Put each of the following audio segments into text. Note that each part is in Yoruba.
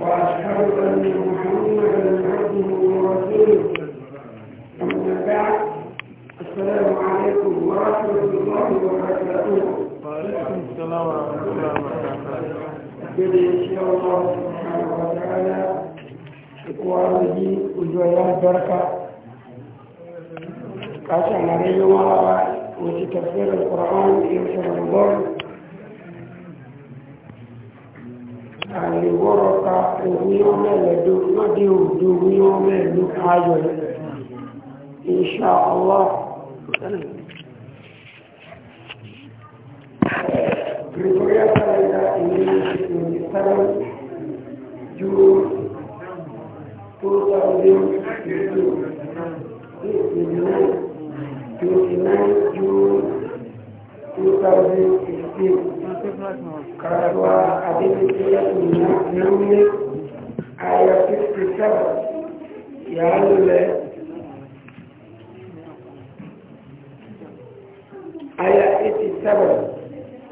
وأشهد أن محمدا عبده ورسوله أما بعد السلام عليكم ورحمة الله وبركاته وعليكم السلام ورحمة الله وبركاته أبدا إن شاء الله سبحانه وتعالى إقوامه وجوايا البركة عشان عليه وعلى وتكفير القرآن يوم رمضان àlèwọ́rọ̀ta òwúyọ́ mẹ́lẹ̀dó lọ́dí òdú òwúyọ́ mẹ́lú ayọ̀ inṣàlọ́ Gregorian calendar in 1927, June 2002, 29 June 2016 karatuwa a daidai ne a ya 57 87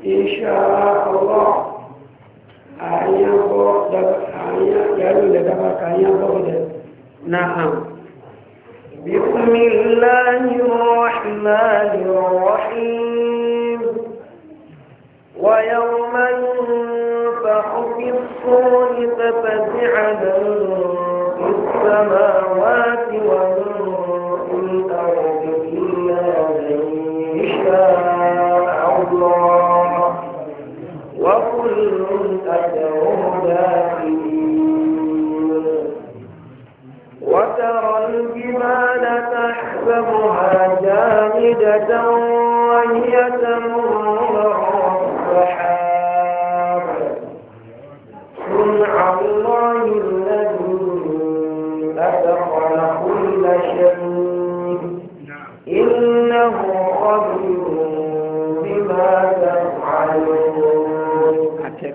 insha Allah aya bo da aya ya lule da na'am بسم الله الرحمن الرحيم ويوم ينفح في الصور ففزع من في السماوات ومن في الأرض إلا من شاء الله وكل أتوه داخلين وترى الجبال تحسبها جامدة وهي تمر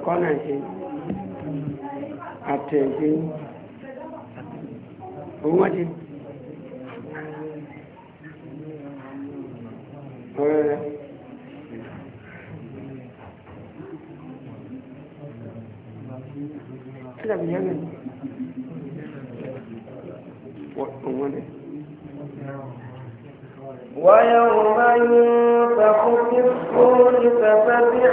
ẹ̀kọ́ náà òun wọ́n ti ọ̀rẹ́ ẹ̀dàbí yẹn náà òun ni. ويوم ينفخ في الصور ففزع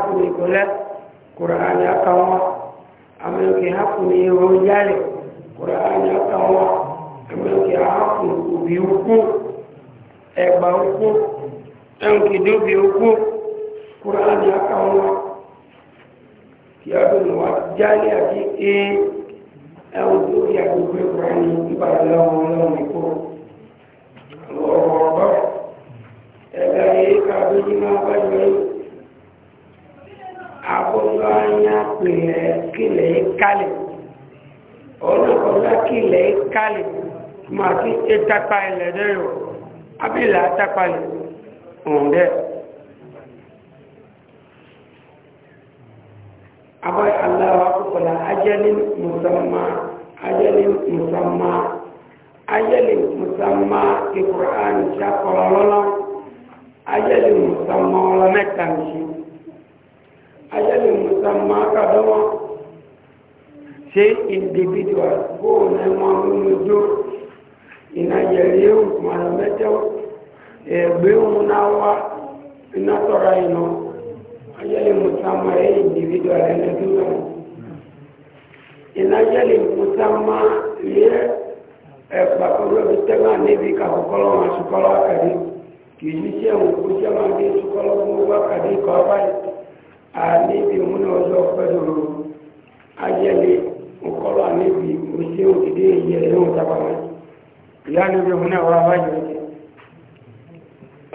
hakuni kole qur'ani akawa amelki hakuni rojale qur'ani akawa amelki hakuni ubiuku ẹgbà ukú ẹnkì dóbi ukú qur'ani akawa kí a dùn wá jálẹ àti ee ẹ̀wọ̀n tó kí agbègbè qur'ani ìbàdàn lọ́wọ́ lọ́wọ́ nìkó lọ́wọ́ ọ̀bọ̀ ẹ̀ka yìí ká bí àbúrò anya pèlè kílẹ̀ kálẹ̀ ọlọ́kọ̀ọ́lá kílẹ̀ kálẹ̀ máa fi etapa ilẹ̀ dẹ́rọ̀ abílẹ̀ atapa lẹ̀ ọ̀hún dẹ́ abai aláwa kúkọ̀lá ajẹ́lì musamma ajẹ́lì musamma ajẹ́lì musamma kíkọ̀ọ́ àníṣà kọ̀ọ̀lọ́lọ́ ajẹ́lì musamma ọlọ́mẹ́ta nìṣẹ́ ajalin musamman ka zama sai individual ko na mamunudu inajeriyun malametau ẹgbẹ́ òun náà wá iná tọ́ra iná ajalin musamman ẹ individual ẹni tó lọ inajalin musamman yẹ ẹgbà olóbi tẹ́lá níbi kàkọ́kọ́lọ́ wọn sùkọ́lọ́ kàdé kì í ṣiṣẹ́ òun kó jẹ́ wọn dé sùkọ́lọ́ fún wọn kàdé àníbi múná ọjọ́ pẹ́dùrú ajẹ́lẹ̀ ọkọlọ àníbi oṣù òdìdí èyí rẹ̀ yóò tàbá wọn ìyá níbi múná wà wájú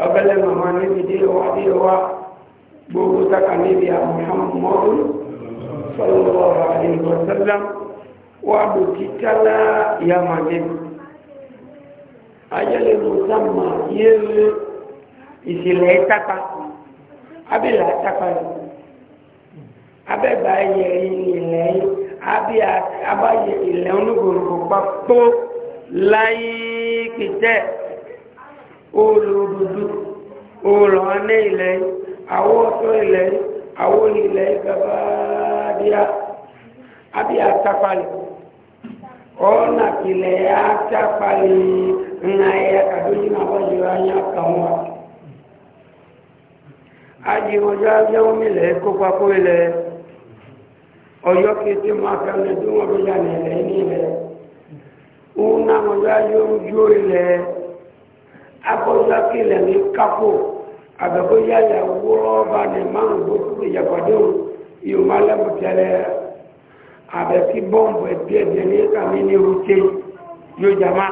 ọbẹ̀lẹ̀ màmá níbi dé wá dé wá gbogbo sáka níbi àmúhàmúmọ́dú sọlọ́wọ́ àdìgbò sẹ́lẹ̀m wà lòdì tálá ìyá màdé ajẹ́lẹ̀ mùsàmà yéèrè ìṣẹ̀lẹ̀ ìtàkà yìí. abẹ́gbà yẹ ilẹ̀ abí abáyẹ ilẹ̀ onígbòrògbò papọ̀ láyé kìtẹ́ olùdúdú olùhánẹ́ ilẹ̀ àwọ̀ ọ̀tọ́ ilẹ̀ àwọ̀ ilẹ̀ gabadíà abí atapalẹ̀ ọ̀nà na atapalẹ̀ ńlá ẹ̀yà kàdójú náà wọ́n yọ anya kàn wá ajiwọjọ ilẹ̀ ọyọ́ kété máa fẹ́ lè tó wọn fi yà ní ilẹ̀ ní ilẹ̀ òun náà wọn yá yóò ilẹ̀ akọ́jọ́ kí ilẹ̀ ní kápò àgbẹ̀bó yá wúrọ́ bá ní márùn tó lè yàgbọ́dé o yóò má lẹ́mú tẹ́lẹ̀ àbẹ̀ kí bọ́ǹbù ẹ̀bí ẹ̀bí ní kàmí ní rúté yóò jàmá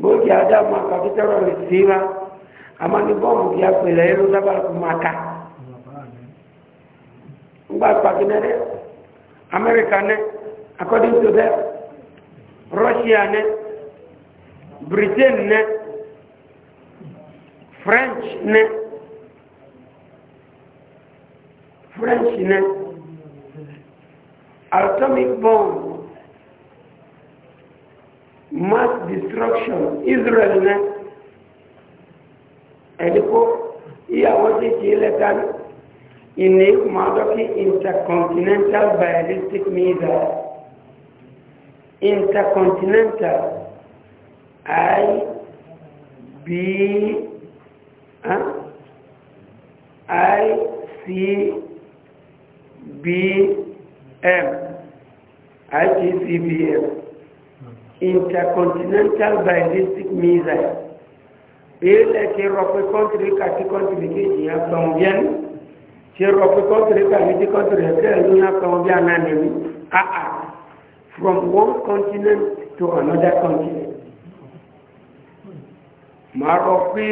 bóyá adá máa kàkítẹ́rọ̀ lè sí ra àmọ́ ní bọ́ǹbù kí a pèlè ẹ̀rọ dábàá kó máa ká ngba gbagina dɛ america nɛ according to them russia nɛ britain nɛ french nɛ french nɛ atomic bomb mass destruction israel nɛ ɛdi ko iyawo ti ti lɛ tani. इन्हें मादो की intercontinental ballistic missile intercontinental I B I intercontinental ballistic missile ile ki rope country kati country kejì yẹn tó ń yẹn ṣe rọ pé kọ́ntìrì tàbí tí kọ́ntìrì ẹ̀kẹ́ ìlú náà kan bí anáni mi àà from one continent to another continent máa rọ pé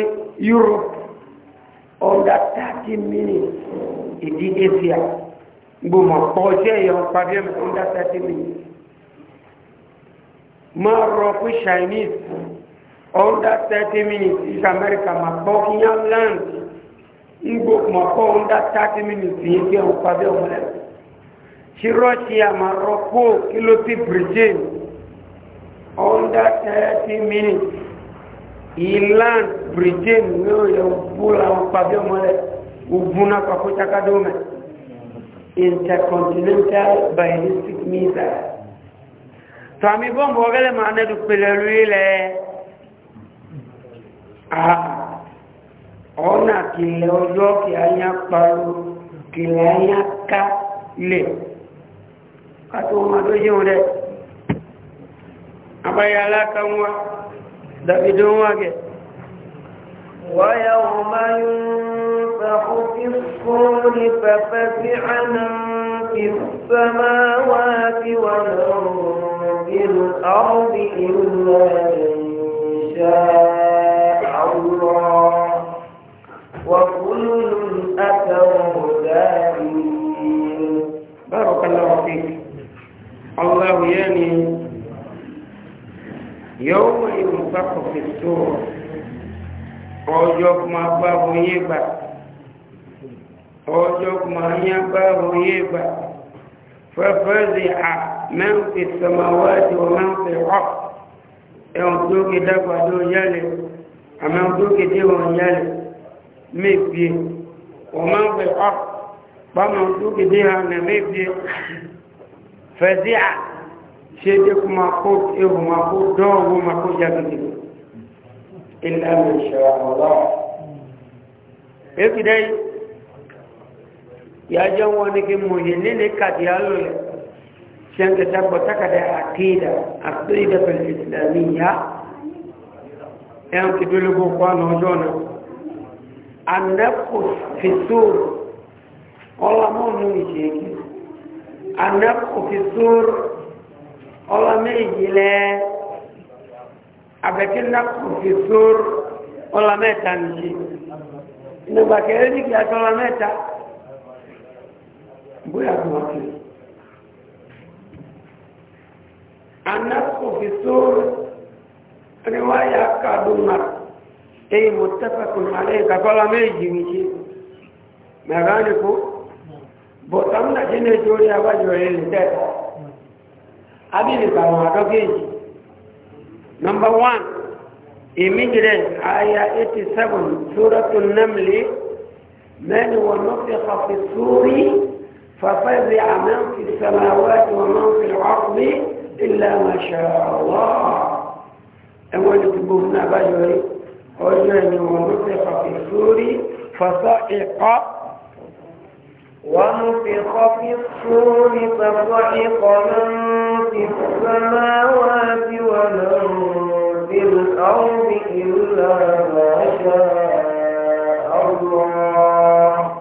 europe under thirty minutes ìdí asia gbòmọ̀ pọ̀ jẹ́ ìyọ̀n pàdé mi under thirty minutes máa rọ pé chinese under thirty minutes is america máa pọ̀ kí yàn land igbo mọ̀kọ́ ń dá 30 minutes yìí kí ẹ̀hùn pàdé ọmọ rẹ̀ ṣí russia ma rọ́pò kí ló ti britain under 30 minutes ilan britain yóò yẹ bú làwọn pàdé ọmọ rẹ̀ ogun náà pàkó chakadómẹ̀ intercontinental ballistic missile tàmí bọ́ǹbù ọgẹ́lẹ̀ máa nẹ́dù pẹ̀lẹ̀ rí lẹ́ẹ̀ ọ̀nà kìlẹ̀ ọjọ́ kì ányá parú kìlẹ̀ ányá ká lẹ̀ kàtò wọn tó yíò rẹ̀ abáyé alákanwá dàbìdó wọn gẹ̀ ويوم ينفخ في الصور ففزع من في السماوات ومن في الأرض إلا من شاء وكل أتوه دارين بارك الله فيك الله يعني يوم ينفخ في السور ọjọ́ máa bá oyé gbà ọjọ́ máa yá bá oyé gbà fẹ́fẹ́rẹ́ à mẹ́ǹfì sọmọwájú mẹ́ǹfì rọ́k ẹ̀wọ̀n tó kìí dágbàdo yálẹ̀ àmẹ́wọ̀n tó kìí dé wọn yálẹ̀ mebie ọmọgbe ọk kpọmọ dúkìdí ha na mebie fẹsí a ṣéde kuma kó ewu ma kó dọ́ọ̀wọ́ ma kó jágidi ilẹ̀ mẹ́ṣẹ́ ọ̀rọ̀ ekide wọn ni kí mo yẹ nílé kàdí alólẹ̀ ṣẹ́ńkẹta gbọ́tàkàdá àkéèdà àkéèdà pẹ̀lú ìsìlámì yá ẹ̀ ń kí dúró gbogbo ọ̀nà na. anẹ́kù fìtúrù ọlọ́mọ́nù ìṣègì anẹ́kù fìtúrù ọlọ́mọ́ ìjìnlẹ̀ abẹ́kínẹ́kù fìtúrù ọlọ́mọ́ ẹ̀ta nìyí ìnàgbàkẹ́ ẹ̀ríkì àti ọlọ́mọ́ ẹ̀ta bóyá tó wọ́n ti anẹ́kù fìtúrù ríwáyà kàdùnmàkù èyí mọ̀tẹ́fẹ́kùn alẹ́ ìkàkọ́lá méjì ní ṣe mẹ́ránìkú bọ̀tàmùnà jẹ́ ní ètò orí abájọ rẹ̀ lè tẹ́ta abínìkà àwọn àdọ́gẹ́jì nọmbà 1 ìmígrẹ̀ àyà 87 sóràtò nẹ́mìlì mẹ́ni wọn lọ́fẹ́ kọfí sórí fàfẹ́ bí àmẹ́ fi sàmáwájú wọn máa fi rọ́ọ̀fí ilẹ̀ àmàṣà ọ̀wọ́ ẹ̀wọ́n ti gbogbo fún abájọ rẹ̀ قلنا أنه في السور فصعق ونفخ في السور فصعق من في السماوات ومن في الأرض إلا ما شاء الله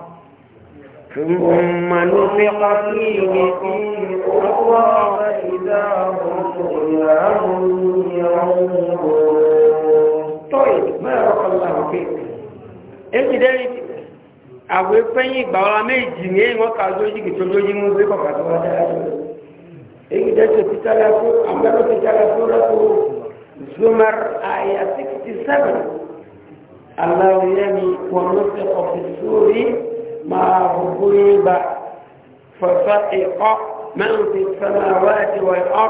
ثم نفق فيه فيه أخرى فإذا هم قيام it báyọ̀rọ̀kọ̀ lọ́wọ́ pé èyí dẹ́rì àwọ̀ ẹ̀pẹ́yìn ìgbà ọ̀la méjì ní èyí wọ́n kà lójú kìtó lójú mú sí kọ̀kà tó wá dáadọ́ èyí dẹ́tò títàlá fún àmọ́lò títàlá fún rẹ́pọ̀ zumar àyà 67 aláwọ̀ yẹ́mi wọn ló fẹ́ kọ̀kì sórí máa rògbò yín gbà fọ̀fẹ́ ìkọ́ mẹ́rin ti sẹ́mi àwọ̀ àti wọ̀ ìkọ́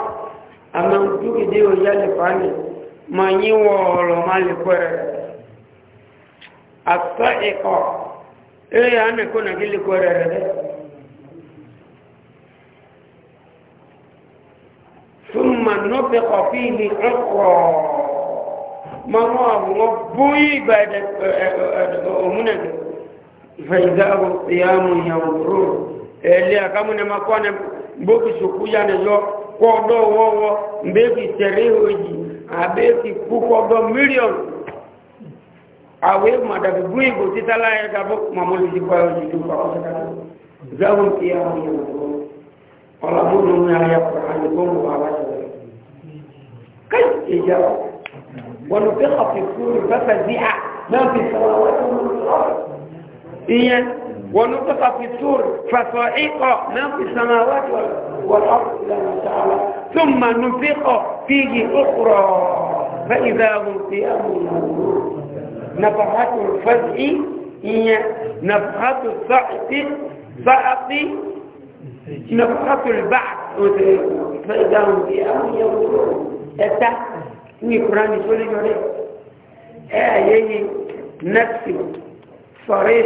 àmọ́ dúkìdí òyìnbó ma nyi wɔɔlɔ ma le kɔɛ atɔ ikɔ eye ane ko nagi le kɔɛ rɛ dɛ suma nɔpɛ kɔfi ni ɔkɔ ma ŋɔ awu ŋɔ boyi ba ɛdɛ ɛdɛ ɔmuna ke fayida ko yamu yamu ro ɛlɛ akamuna ma kɔ ne gbogi sokuya ne yɔ kɔ dɔ wɔwɔ mbebi tɛri àbí ti kú kọ́dọ̀ mílíọ̀nù àwẹ́ màdàbí bú ìbò títà láyé gabó màmúlù ti kọ́ ẹ̀yìn tó kọ́ ọ́sẹ̀ kàtó záwọn kí á mú ìwọ̀n ọ̀làmúnú ní ayé kùránì tó mú wa wájú rẹ̀ káyì ìjà ونطق في السور فصعق ما في السماوات والأرض ما تعالى ثم نفق فيه أخرى فإذا هم قيام نفحات الفزع هي نفحات الصعق صعق نفحات البعث فإذا هم قيام ينظرون أتى قران نسولي جوري آيه نفسي صريح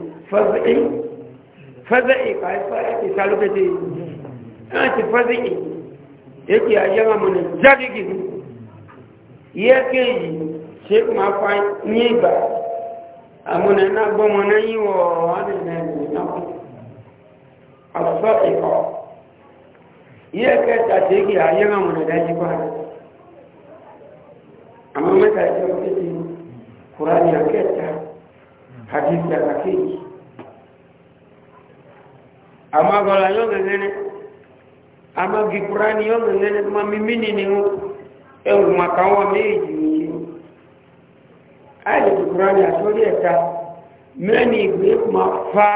fọ́sí fọ́sí ìfàífà ìsàlùkẹ́sì náà ti fọ́sí èkì ayẹ́wàmùnà jágìgì yẹ́ kéèyì ṣe máa fa ní ìgbà àmúnà náà gbọ́mọ náà yíwọ̀ ọ̀rọ̀ àmọ́ mẹ́ta ìjọ́ kéèkì kùránì àkẹta hadith àkẹta amagɔla yɔ ŋɛŋɛnɛ amagikura ni yɔ ŋɛŋɛnɛ ma mimi ni ni ŋu ewu ma ka wa mɛ yi dzi yi ayi gikura ni asɔli ɛta mɛ ma fa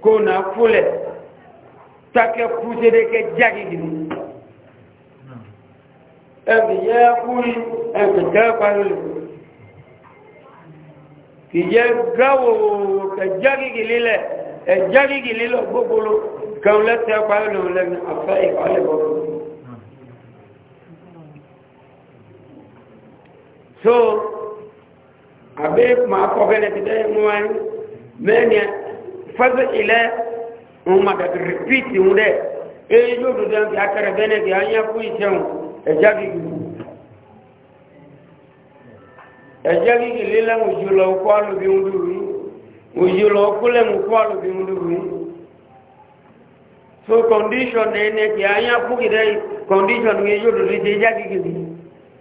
kona kule, fu lɛ de kɛ jagi di mu ɛfɛ yɛ kuli ɛfɛ tɛ kpa lolo kìjẹ́ gáwòwòwò kẹjárìgìlélẹ̀ ẹjárìgìlélọ̀ gbogbolo kẹun lẹ́tẹ̀ ọpa ẹlò lẹ́nu afẹ́ ìkọlẹ̀bọ̀ so abe ma kọ bẹ́ẹ̀ ti dẹ́ mú wáyé mẹ́ni fẹ́sẹ̀ ilẹ̀ ń ma dàbí rìpíìtì ń dẹ̀ èyí ló dùn dẹ́ kí akẹrẹ bẹ́ẹ̀ kí a yẹ fún ìṣẹ́hùn ẹjárìgìlélẹ̀ ẹjẹ́ kíkì lílẹ̀ òjò lọ kó àlùbí ń dùn yìí òjò lọ so condition na kì á yá fún kìdẹ́ condition yẹn dị dòdò ìdè ẹjẹ́ kíkì bí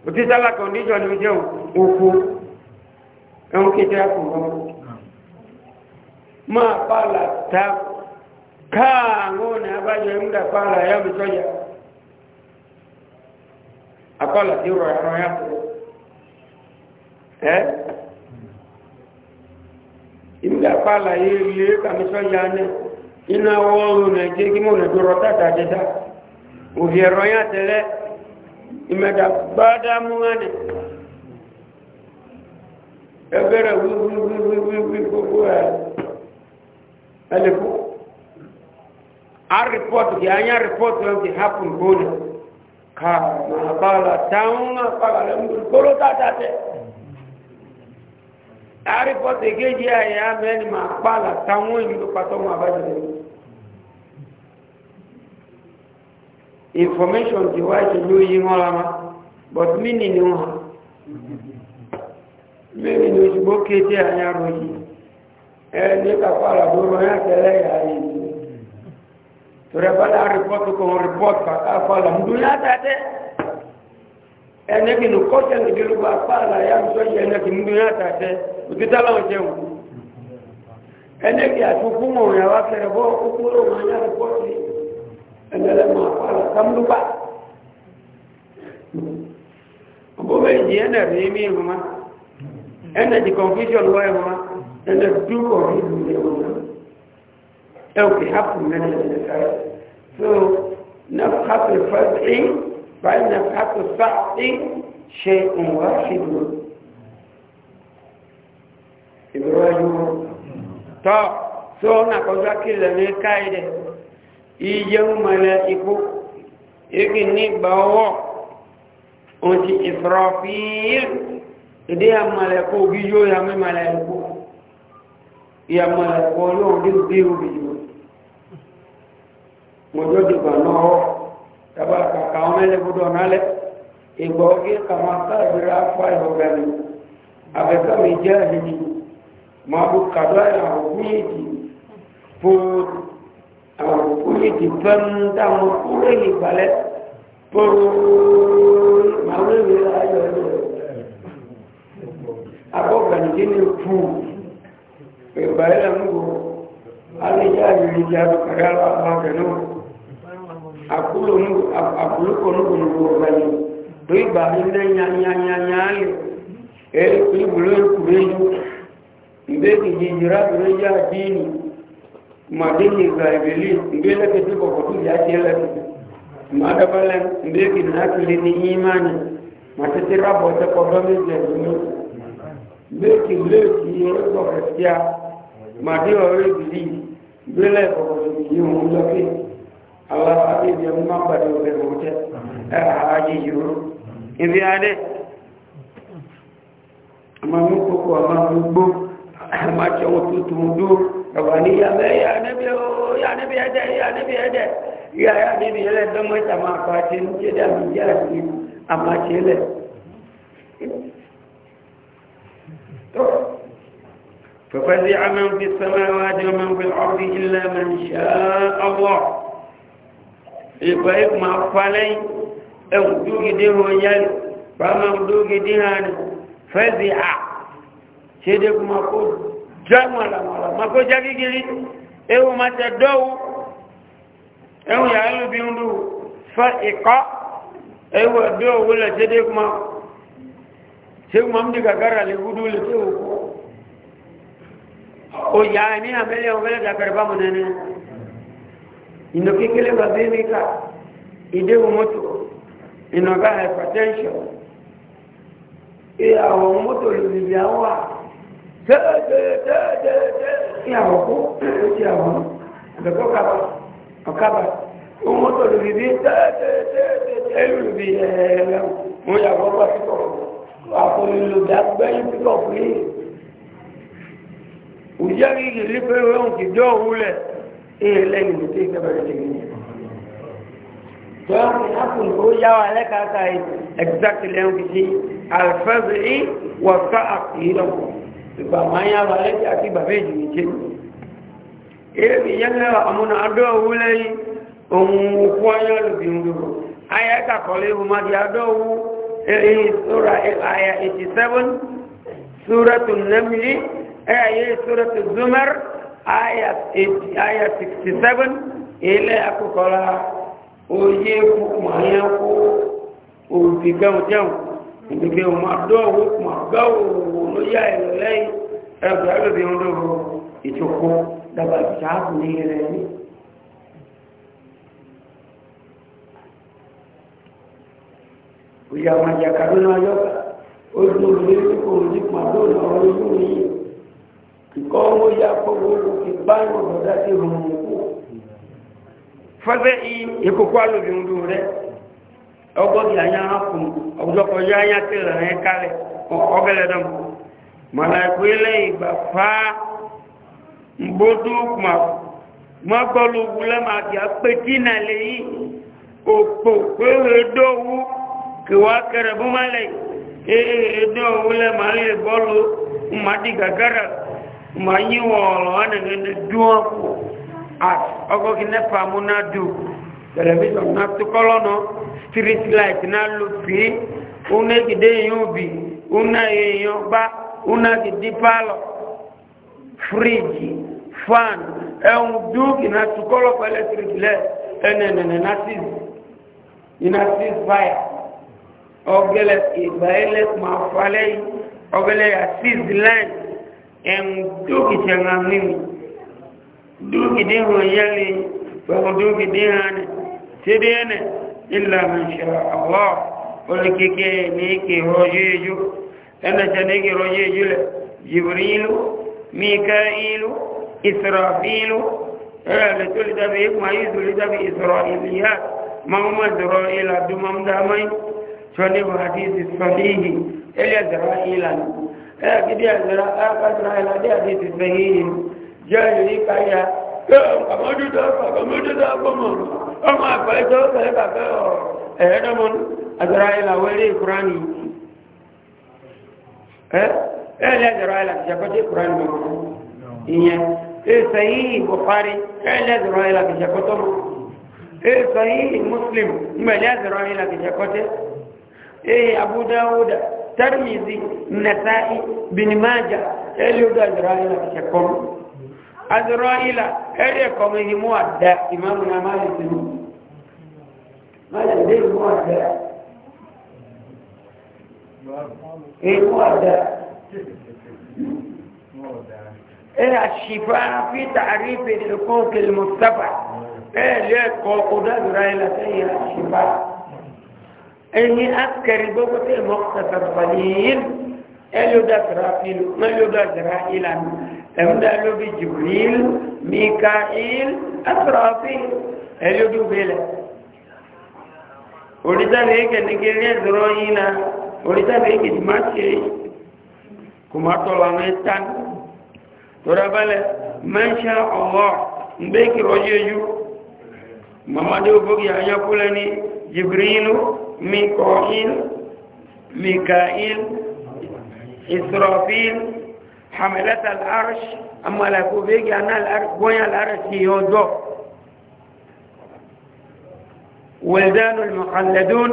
òtítàlá condition yóò jẹ́ òkú ya kété àkùnkọ́. máa ta káà àwọn ọ̀nà abájọ ń ya ẹ́ ìgbàpá àlàyé ilé kàmísọ́ ya ní iná wọ́ọ̀rùn nàìjíríà kí mo ẹgbẹ́rẹ̀ wíwíwíwíwí gbogbo ẹ̀ ẹlẹ́kọ́ a report kì á yá report ẹ̀ kì happen gbóni ká màá bá táwọn máa bá àrípọ̀tì kéjì e àyà e mẹ́ni máa pààlà táwọn èyí e tó pàtó wọn àbájáde information ti waa ṣe ló oyi wọn lára but mini ni wọn mini ni òṣùgbó kéjì àyà ròyìn ya kàpàlà lóró yá tẹ́lẹ̀ yàrá yìí torí abala àrípọ̀tì kan rìpọ̀tì kàpàlà ń dún yàtà tẹ́ ẹni yẹ tẹ. òtítà láwọn jẹun ẹnẹ́gì àti òkú mọ̀rin àwọn akẹrẹ bọ́ òkú lóun anyára bọ́ sí ẹnẹ́lẹ́ máa pààlà sámúlùbà ọgbọ́n èjì ẹnẹ́ rí mí ìrùmá ẹnẹ́ di confusion lọ ẹ̀rùmá ẹnẹ́ dúkọ̀ ìlú ìrùmá ẹ̀ òkè hapù mẹ́rin ẹ̀ sáré so nafhatu fad'i báyìí nafhatu sáà ṣe òun wá ṣe lóun ibrahimu to so na ko zakile ne kaide iye malaiku igini bawo onti israfil ide ya malaiku bijo ya me malaiku ya malaiku yo di biu bijo mojo di banoho tabaka kaomele budonale igbogi kama sabira fa ihogani abeka mijahidi mabu kabaya hukuyeti por hukuyeti panda mukureli bale por mawele ayo abo ganjini fu bale la mungu ale ya yuli ya kagala magano akulo mungu akulo kono kono bale doi ba inda nya nya nya nya ele kulo kulo mbeki jijira reja dini madini za ibili mbele kitipo kwa tuja ajele mada pale mbeki nakili ni imani matete rabo ta kodome jeni mbeki mbeki yezo kestia madiwa webili mbele kwa tuja mdoki Allah abi ya mamba de wote eh aji yuru ibi ade amamu ko amamu gbogbo mace mutu tumudu rabani ya mai oh, ya nabi ya nabi ya da ya nabi ya da ya ya nabi ya da mai sama fatin ce da mi ya shi amma ce le to fa fazi'a man fi samawati Allah e bai ma falai e dugi de ho sede kuma ko jamala mala mako jagi gili ewu mata dowu ewu ya alu biundu fa iqa ewu dowu la sede kuma se kuma mdi gagara le gudu le tewu ko o ya ni amele o vele gagara ba munene ino kikele ba bemi ka ide umoto ino ga hypertension e àwọn mọ́tò lòlìlì àwọn àwọn dẹ́ẹ̀dẹ́ẹ̀dẹ́ẹ̀dẹ́ ní àwọn kó ti àwọn àgbẹ̀kọ́ kaba ọ̀kaba ohun mọ́tò lórí bí dẹ́ẹ̀dẹ́ẹ̀dẹ́ẹ̀dẹ́ lórí bí ẹ̀ẹ́lẹ́ mo yà wọ́n bá pípọ̀ àfọlùlùdà gbẹ́yìn pípọ̀ fún yìí òjá kí kì í lé pé òun kì í jọ òun lẹ̀ èyí lẹ́yìn ló tẹ́ ìkẹ́bẹ̀rẹ̀ lè ní jọ́n kì í hàpùn ó yá wa lẹ́ka ká yìí exactly lẹ́yìn kì í alfẹ́bìrì wọ́n ká àkùnrin lọ́kùnrin ìgbà máa ń yára lẹ́tì àti bàbá èjì méjì èébì yẹ́nlẹ́wà àmúnà adó owó lẹ́yìn ohun òkú ọyọ́ lòbí ń dúró ayé kàkọ́lé ìhùmádìí adó owó èyí sóra 87 67 ilẹ̀ akókọ́lá oyé kúkú màá yẹn kú òbí ìgbègbè ọmọdọ́ owó ọgbà òwò ló yá ẹ̀rọ lẹ́yìn ẹgbẹ̀ ẹgbẹ̀bẹ̀ ọdọ́rọ̀ ìtòkó dàbà ìṣàkù ní rẹ̀ ní òyà màjà kàdúnà yọ́kà ó dúró lórí kò ní pàdó lọ́wọ́ lójú nke ìkọ́ owó yá kọ́wọ́ owó ti dị anya hapun ọjọ́kọjọ́ anya tẹ́lẹ̀ anya kálẹ̀ ọgẹ́lẹ̀ dán mọ̀láìkú ilẹ̀ ìgbà fáá mbódú mọ́gbọ́lù wulẹ̀ máa ma apẹ́tí nà lè yí òpó péhèdówú kí wá kẹrẹ bó má lẹ̀ éhèdówú lẹ̀ máa lè bọ́lù mmadí gàgàrà mà street light na ló fi una gidi èèyàn òbí una èèyàn gbá una gidi pálọ̀ fíríjì fan ẹ̀hún e dúkì na tukọ́lọ̀ pa electric light ẹnẹ̀nẹ̀nẹ̀ náà sí iná sí fire ọgẹlẹ ìgbà ẹlẹ máa falẹ yìí ọgẹlẹ yà sí line ẹ̀hún dúkì tẹ̀ ń hàn mímu dúkì dín hàn yẹ́lẹ̀ pẹ̀lú dúkì dín hàn ní tẹ́lẹ̀ náà. إلا من شاء الله ولكيكي نيكي روجيجو أنا تنيكي روجيجو جبريل ميكائيل إسرافيل لتولد بيك ما يتولد بإسرائيليات ما هم إسرائيل دمام دامين شنب حديث الصحيح إلي إسرائيل أكيد إسرائيل دي حديث الصحيح جاء لي كايا كما تدافع كما تدافع ọmọ àgbẹ̀jọ́ bẹ̀rẹ̀ bàbẹ́ ẹ̀ẹ́dọ́mọ́n àjọra ilà wẹ́rẹ́ ìkúránì ẹ́ ẹ̀ẹ́lẹ́ àjọra ilà ìjàkọ́tẹ́ ìkúránì mọ́ ìyẹn ẹ̀ẹ́sẹ̀ yìí bọ̀fárí ẹ̀ẹ́lẹ́ àjọra ilà ìjàkọ́tọ́ mọ́ ẹ̀ẹ́sẹ̀ yìí muslim mẹ́lẹ́ àjọra ilà ìjàkọ́tẹ́ ẹ̀ẹ́ abúdáwúdà tẹ́rìmìzì nàtàí bìnnìmájà ẹ̀ẹ́lẹ́ àjọra ilà ìjàkọ́tọ́ azraila ẹ̀rí ẹ̀kọ́ mi ni mú àdá ìmáàmù náà má lè sinú má lè dé ìmú àdá ìmú àdá ẹ̀rà ṣìfà fi tààrí fèrè kún kìlì mustapha ẹ̀rí ẹ̀kọ́ kódà azraila sẹ́yìn ṣìfà ẹ̀yìn akẹ́rì gbogbo tẹ̀ mọ́kàtà balẹ̀ yìí ẹ̀lú dàtàrà fìlú mẹ́lú dàtàrà ìlànà. ẹ̀mdá ló bí jibril mikael asrafil ẹlòdù bẹ́lẹ̀ òrìṣàbí èkè ní kí ilé ẹ̀dọ́rọ̀ yìí na òrìṣàbí èkè ti máa ṣe kò máa tọ̀lọ̀ àwọn ẹ̀tàn tọ́ra balẹ̀ mẹ́ṣà ọ̀họ́ ńbẹ́kì rọ́jẹ́jú mamadu obogi ayọ́kúlẹ̀ ní mi ka il, israfil حملة العرش أما لكو بيجي أنا العرش بوين العرش هدو ولدان المخلدون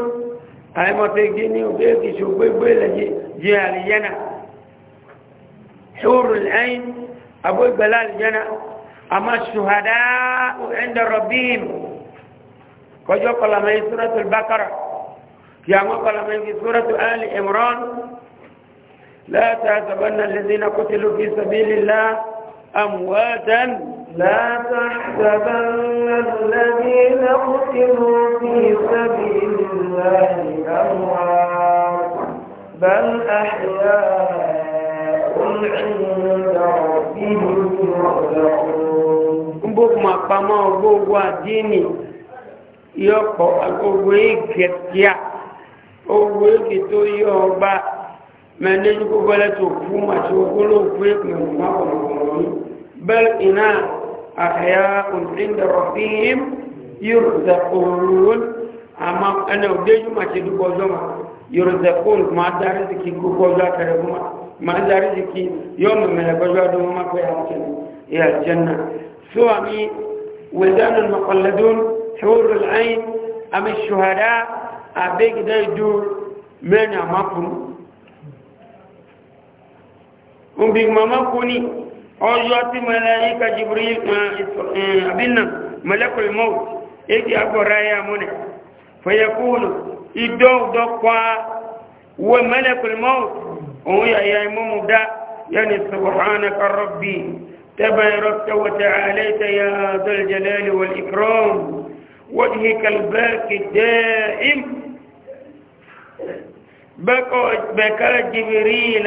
هاي ما تيجيني وبيجي شو بيجي جي الجنة حور العين أبو البلال الجنة أما الشهداء عند ربهم كجو قال ما سورة البقرة يا ما قال ما سورة آل عمران لا تحسبن الذين قتلوا في سبيل الله أمواتا لا تحسبن الذين قتلوا في سبيل الله أموات بل أحياء عند ربهم يرجعون بوك ما قما بوك وديني يقو أقوي كتيا أقوي كتو يوبا من يقول تكفوما تقولوا بل إنا أحياء عند ربهم يرزقون أما أنا أدجو ما تدقو زوما يرزقون ما دارزك يقول ذاك ربما ما دارزك يوم من الأجواء دوما في الجنة يا الجنة سوى مي ولدان المقلدون حور العين أم الشهداء أبيك دايدور من أمامكم umbi mama kuni ojo ti malaika jibril abinna malakul maut eki agoraya mune fayakulu ido do kwa wa malakul maut o ya ya imamu da yani subhanaka rabbi tabarakta wa ta'alaita ya dhal jalali wal ikram وجهك الباكي الدائم بكى جبريل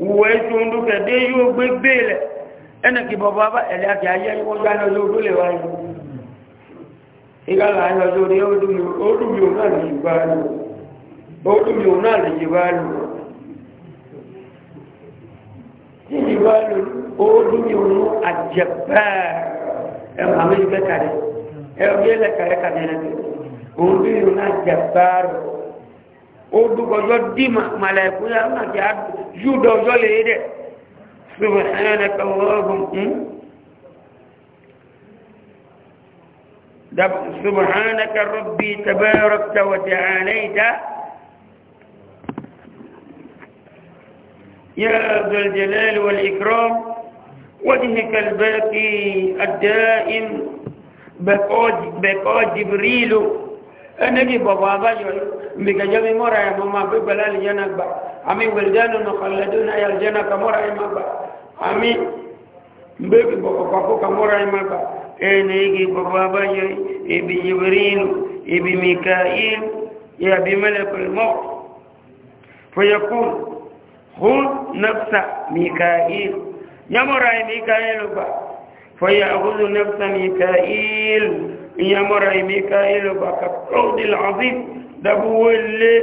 wùwẹ́ tó ń dúkẹ̀ dé yóò gbé gbé lẹ̀ ẹnìkì bọ̀bọ̀ bá ẹ̀lẹ́ àti ayé wọ́n já lọ lórí lè wáyé ìgbàlá ayọ̀ lórí olùmí òun náà lè yí bá lò olùmí òun náà lè yà má سبحانك ربي تبارك وتعاليت يا ذا الجلال والإكرام وجهك الباقي الدائم بقى جبريل enegi bobo abajo mbika jami mora ya mama bibala li jana ba ami wildanu mukhalladuna ya jana kamora ya maba ami mbeki bobo kako kamora ya maba enegi bobo abajo ibi jibril ibi mikail ya bi malakul maut fayakun khul nafsa mikail nyamora ya mikail ba fayakhudhu nafsa mikail يا مراي ميكائيل بك فكالصوت العظيم دبو اللي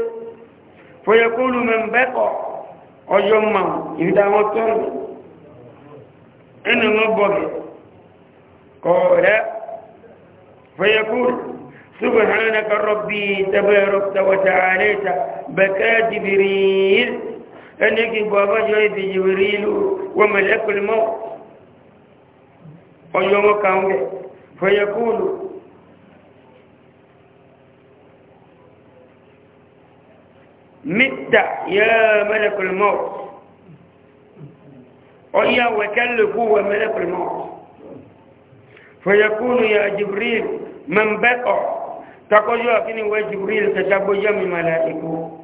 فيقول من بقى أجمع إذا وطن إن مبغى قال فيقول سبحانك ربي تبارك وتعالى بكاد جبريل أنك بابا جاي بجبريل وملك الموت أجمع كامل فيقول مت يا ملك الموت ويا وكلف هو ملك الموت فيكون يا جبريل من بقى تقول كني هو جبريل تشابه جميع ملائكه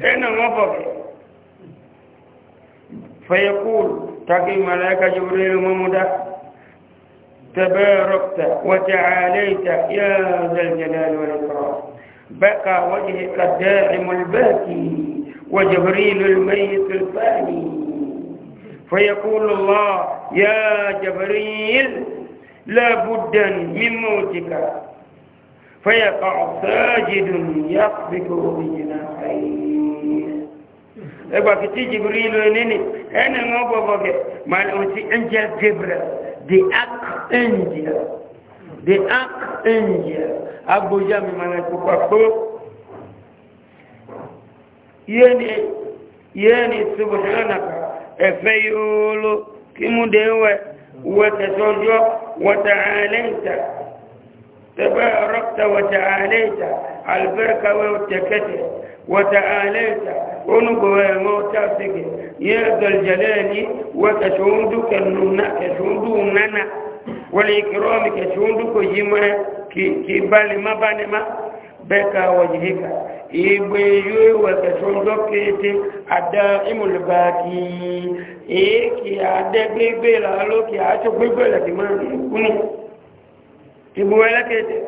ما بقي فيقول تقي ملائكة جبريل ممدى تباركت وتعاليت يا ذا الجلال والإكرام بقى وجهك الداعم الباكي وجبريل الميت الفاني فيقول الله يا جبريل لا بد من موتك فيقع ساجد يقبض بجناحيه ẹgbà kìtì جبريل ló ní انا ما eni ما انت انجل جبريل دي اك انجل the archangel agbójá mi máa ń pupa pé yéèni subhanaka ẹ̀fẹ́ yóò ló kí mú dé wẹ̀ wẹ̀tẹ̀sọ́jọ́ wẹ̀tẹ̀hálẹ́ta تباركت وتعاليت البركة والتكتة وتعاليت ونقوى موتاتك يا ذا الجلال وكشوندك النمنا والإكرام كشوندك يما كبالي ما باني ما بكى وجهك إبيو وكشوندك كيتي الدائم الباكي إيكي أدى بيبلا لوكي أشوف بيبلا كما يكوني تبوالا كيتي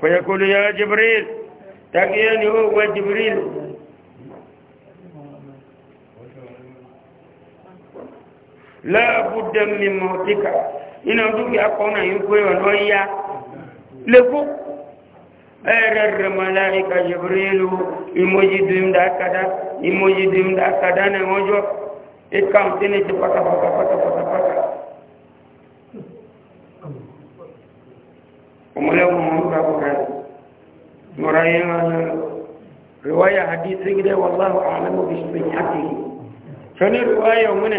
فيقول يا جبريل تقيني هو جبريل lẹ́ẹ̀bùdẹ̀ mi mọ̀ tíkà iná dúkìá kọ́nà yìí pé ọ̀nà yá lẹ́kọ́ ẹ̀rẹ̀ rẹ̀ mọ̀láríkà jẹ̀bẹ̀rẹ̀lú ìmójídìmdàkadá ìmójídìmdàkadá ní ọjọ́ ìkàùntí ní ti pátápátápátápátá ọmọlẹ́wọ̀n mọ̀ ń gbàgbọ́ rẹ̀ mọ̀ra yẹn rẹ̀ wáyà àdí sí gídẹ́ wọ́n láwọ̀ àwọn ọmọ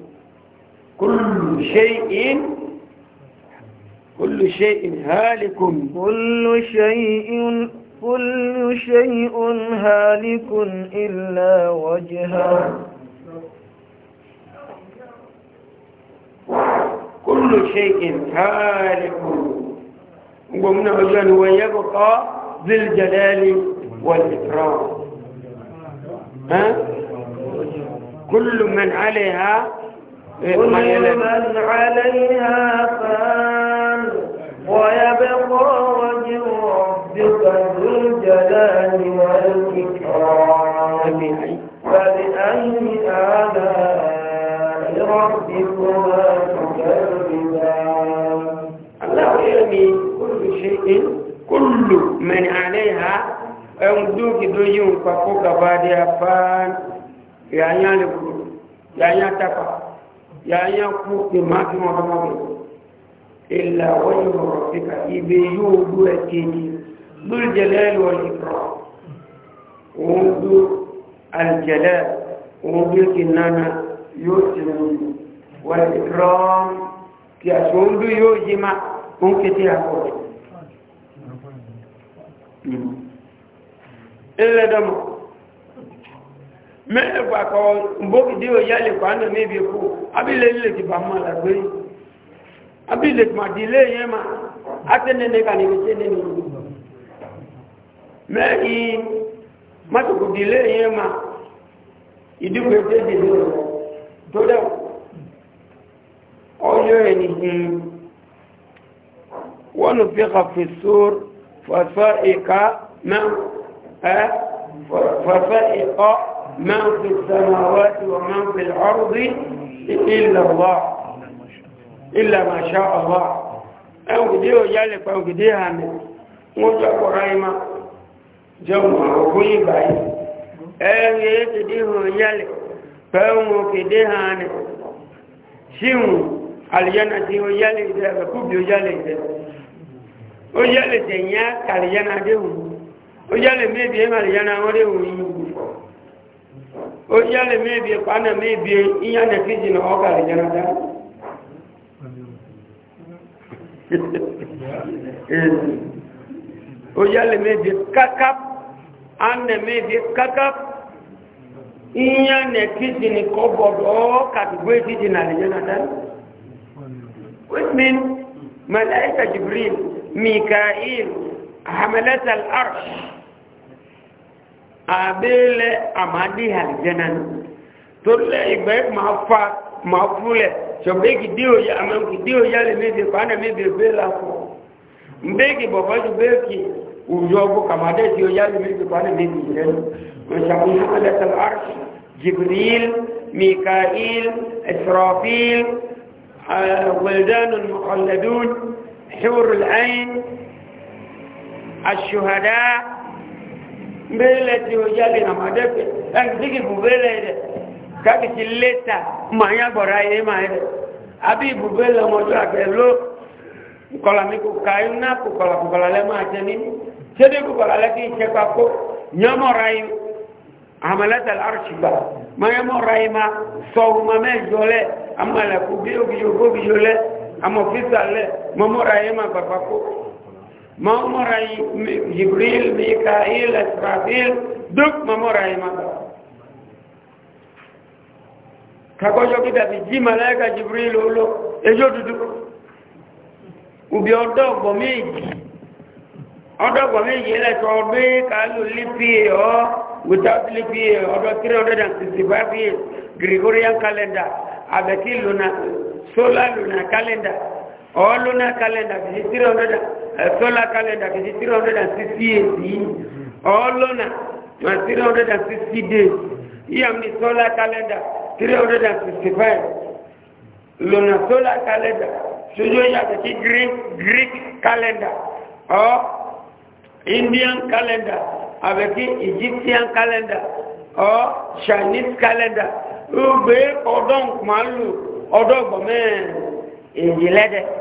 كل شيء كل شيء هالك كل شيء كل شيء هالك إلا وجهه كل شيء هالك ومن وجهه ويبقى ذي الجلال والإكرام ها كل من عليها كل من عليها فان ويبقى وجه ربك ذو الجلال والإكرام فبأي آلاء ربكما تكذبان الله يرمي كل شيء كل من عليها يمدوك دجون ففوق بعدها فان يعني يعني تفا yàáyá kú ìmáàkì mọ́tọ́mọ́tọ́ ìlà wọ́yìn rọ̀ síkà ibi yóò dú ẹ̀ kéèkì lórí jẹlẹ́ lọ ìkọ̀ òun dú àjẹlẹ́ òun dú kì nánà yóò ti mú wọ́n ìkọ̀ kí àṣọ mẹ́ẹ̀kọ́ àkọ́ mbókìdí òyálẹ̀ pàánà mébi kú abílẹ̀ ilẹ̀ ti bá mọ́ àlàgbé ma di ilé yẹn ma átẹ́nẹ́nẹ́ ka nínú mẹ́ẹ̀kì mátòkù di ilé yẹn ma di fọ́fẹ́ من في السماوات ومن في الأرض إلا الله إلا ما شاء الله أو كده وجالك أو كده هامي موجة قرائمة جمع وكل باي أو كده يالك فأو كده هامي شمو الجنة وجالك ده كوب وجالك ده وجالك ده نياك الجنة ده وجالك ميبي هم الجنة وده ويوم ó yálẹ̀ mẹ́bíẹ̀ pàánà mẹ́bíẹ̀ ìyànà fíjì na ọkà lè jẹ́ náà ó yálẹ̀ mẹ́bíẹ̀ kákáp ánà mẹ́bíẹ̀ kákáp ìyànà fíjì ni kọ́bọ̀dọ̀ ọkà tó gbé fíjì na lè jẹ́ náà which means malaika jibril mikael hamalata arsh abele amadi halijanan tole ibe mafa mafule ma dio ya amangu dio ya le mebe pana mebe bela ko mbeki baba ju beki ujogo kama de dio ya le mebe pana mebe bela ko shabu ala al arsh jibril mikail israfil ولدان المخلدون حور العين الشهداء mbele ti o yale na madepe ndiki bubele ile kaki ti leta manya gbora ile ma ile abi bubele mo to ake lo kola mi ko kai na ko kola ko kola le ma je ni se de ko kola le ki che pa ko nyamo rai amalat al arsh ba ma nyamo rai ma so ma me jole amala ku bi o bi o bi jole amo fisale mo mo rai ma pa ko mamora jibril mikail israfil duk mamora yi mata kakọjọ kíta fi jí malaika jibril olo ejò dúdú ubi ọdọ ọgbọ méjì ọdọ ele méjì lẹtọ ọdún kálù lipi ọ without lipi ọdọ 365 years gregorian calendar abẹkí luna solar lunar calendar all lunar calendar kìí 300 uh, solar calendar kìí 360 years yìí all lunar ma 360 days yíyàm ní solar calendar 365 Luna solar calendar sojú yàtọ̀ sí greek greek calendar or indian calendar àbẹ̀kí egyptian calendar or chinese calendar ó gbé ọdọ́ màálù ọdọ́ gbọ̀mẹ́ èyí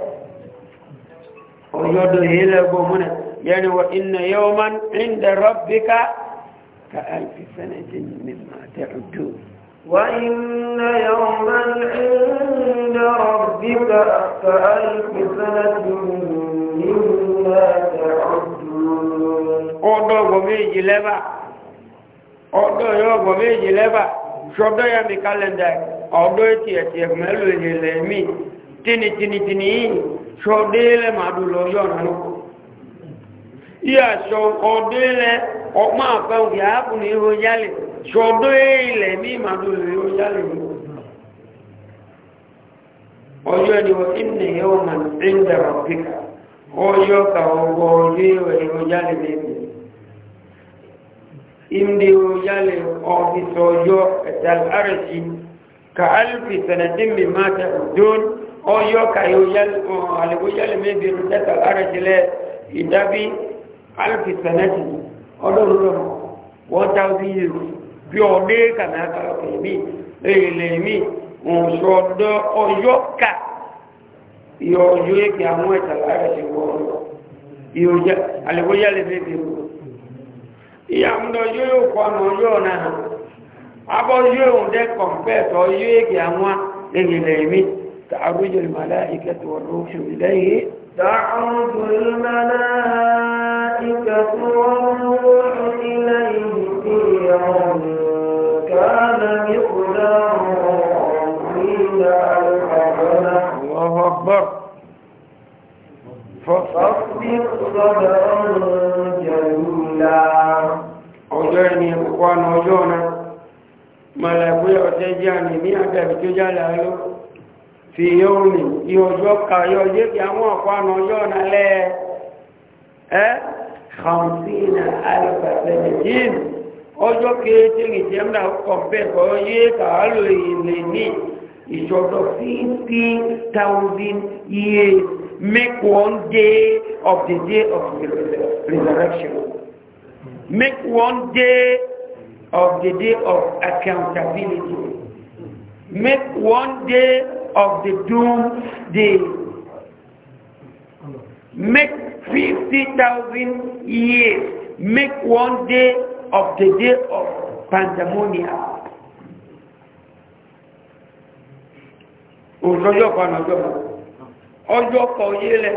oyodo yele go muna yani wa inna yawman inda rabbika ka alfi sanatin mimma ta'udun wa inna yawman inda rabbika ka alfi sanatin mimma ta'udun odo go meji leba odo yo go meji leba ya mi calendar odo ti ti melo yele mi tini tini chodele madulo yonu iya so odele o ma pa o ya bu ni ho yale chodele mi madulo yo yale ojo ni wa inna yawman inda rabbika ojo ka o go ni wa yo yale ni indi o yale o bi so yo etal arshi ka alfi sanadim mi mata dun ọyọ́ kàyọ̀yálẹ̀ mébi rúdẹ́ta lára jẹ́lẹ̀ ìdábí alifisẹ̀nẹ́tì ọdún rẹ̀ 1000 euros bí ọdẹ́ kàmẹ́kàlọ́kẹ̀ mí èèlẹ̀ mí ọ̀ṣọ́dọ́ ọyọ́ kà ìyọ̀yọ́ èkè àwọn ẹ̀tà lára jẹ́ wọ́n alẹ́gbóyálẹ̀ mébi rúdẹ́ ìyàmúdọ̀ yóò kọ́ ọ̀nà yóò náà abọ́ yóò dẹ́ kọ̀m̀pẹ́ẹ̀tọ̀ yóò èkè àwọn èèlẹ̀ mí تعرج الملائكة والروح إليه تعرج الملائكة والروح إليه في يوم كان مقداره عظيم الله أكبر فاصبر صبرا جميلا أجرني أخوان وجونا ملائكة أتجاني مئة بتجالة له fi yóò ní ìyọjọ́ ka yọ jẹ́ kí àwọn ọ̀pọ̀ àna ọjọ́ ọ̀nà lẹ́ ẹ́ kàùnsínà alìfàṣẹ́lẹ̀ ọjọ́ kéèké ní jẹ́mdà kọ̀pẹ́ kọ́ yé kàálò ilé ní ìṣọ́dọ̀ 50,000 years make one day of the day of the resurrection make one day of the day of accountability make one day of the doom day, Make 50,000 years, make one day of the day of pandemonium. Òṣọ́jọ́ kan ọjọ́ kan. Ọjọ́ kan yé lẹ,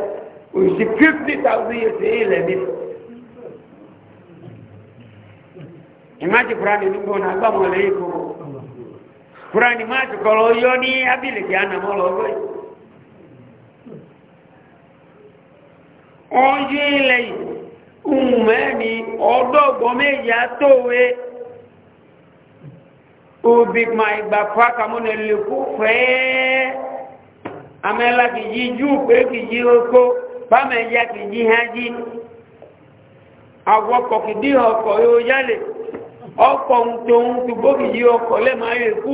òṣì 50,000 years èyí lẹ̀ ní. Ìmájì Kùránì nígbò náà gbàmọ̀ lẹ́yìn kòrò. kurani macho kolo yoni abile kiana molo goy oye oh, le umeni odogbo meja towe obi ma igba fa kamo ne le ku fe amela ki jiju pe ki ji oko ba me ya ki ji haji awoko ki di oko yo yale ọkọ̀ ń tó ń tubó kìí ọkọ̀ lẹ́màá yẹ kú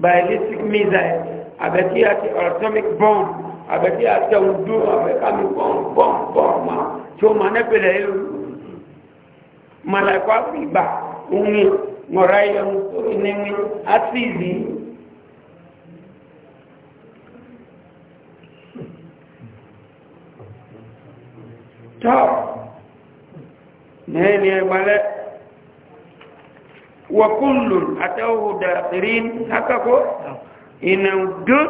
ballistic missile àbẹ̀tí àti atomic bomb àbẹ̀tí àti ọ̀dọ́ àbẹ̀kámi bomb bomb bomb ma tí ó ma nẹ́pẹ̀lẹ̀ ìlú màlàkọ́ àfìgbà òun mọ̀ra ẹ̀yọ̀n ìnìwìn àtìlì tọ́ ní ẹni ẹgbàlẹ́ wa kullun atawhu dakhirin haka ko ina do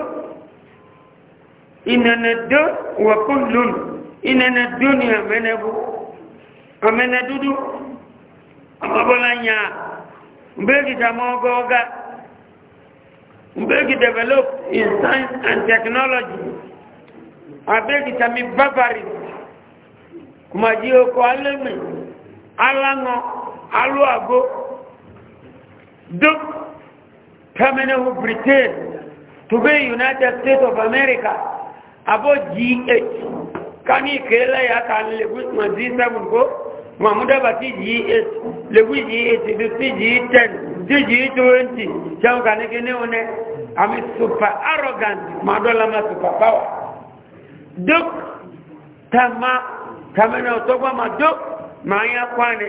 ina na do wa kullun ina na dunya menebu amena dudu amabolanya mbegi tamogo ga mbegi develop in science and technology abegi tami barbary kuma ko alemi alango alu ago duk tamanahu britain today united states of america abo gh kani kele ya kan le with ma zisa ko mamuda bati gh le with gh 50 gh 10 gh 20 chao kan ke one ami super arrogant madola ma super power duk tama tamana otogwa ma duk ma ya kwane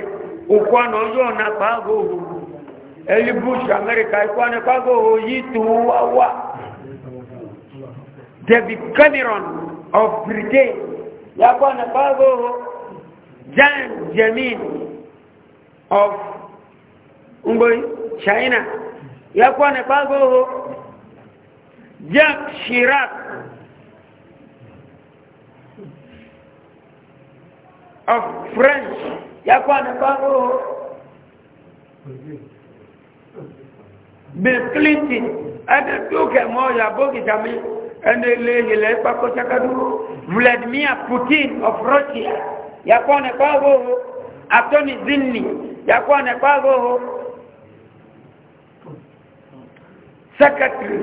ukwano yo na pago ẹ̀lì bush amẹ́ríkà ikọ́ ní pàgọ́ òyí tó wá wá david cameron of britain yàgbọ́ ní pàgọ́ jan jamin of ngoyi china yàgbọ́ ní pàgọ́ jack shirak of french yàgbọ́ ní pàgọ́ bill clinton ẹni tí ó kẹ̀ mọ́ ọ̀yà bókìtà mi ẹni ilé ilẹ̀ ìpapọ̀ ṣakadúró vladimir putin of russia yàpọ̀ nípa ọgọ́gọ́ atoni zinni yàpọ̀ nípa ọgọ́gọ́ secretary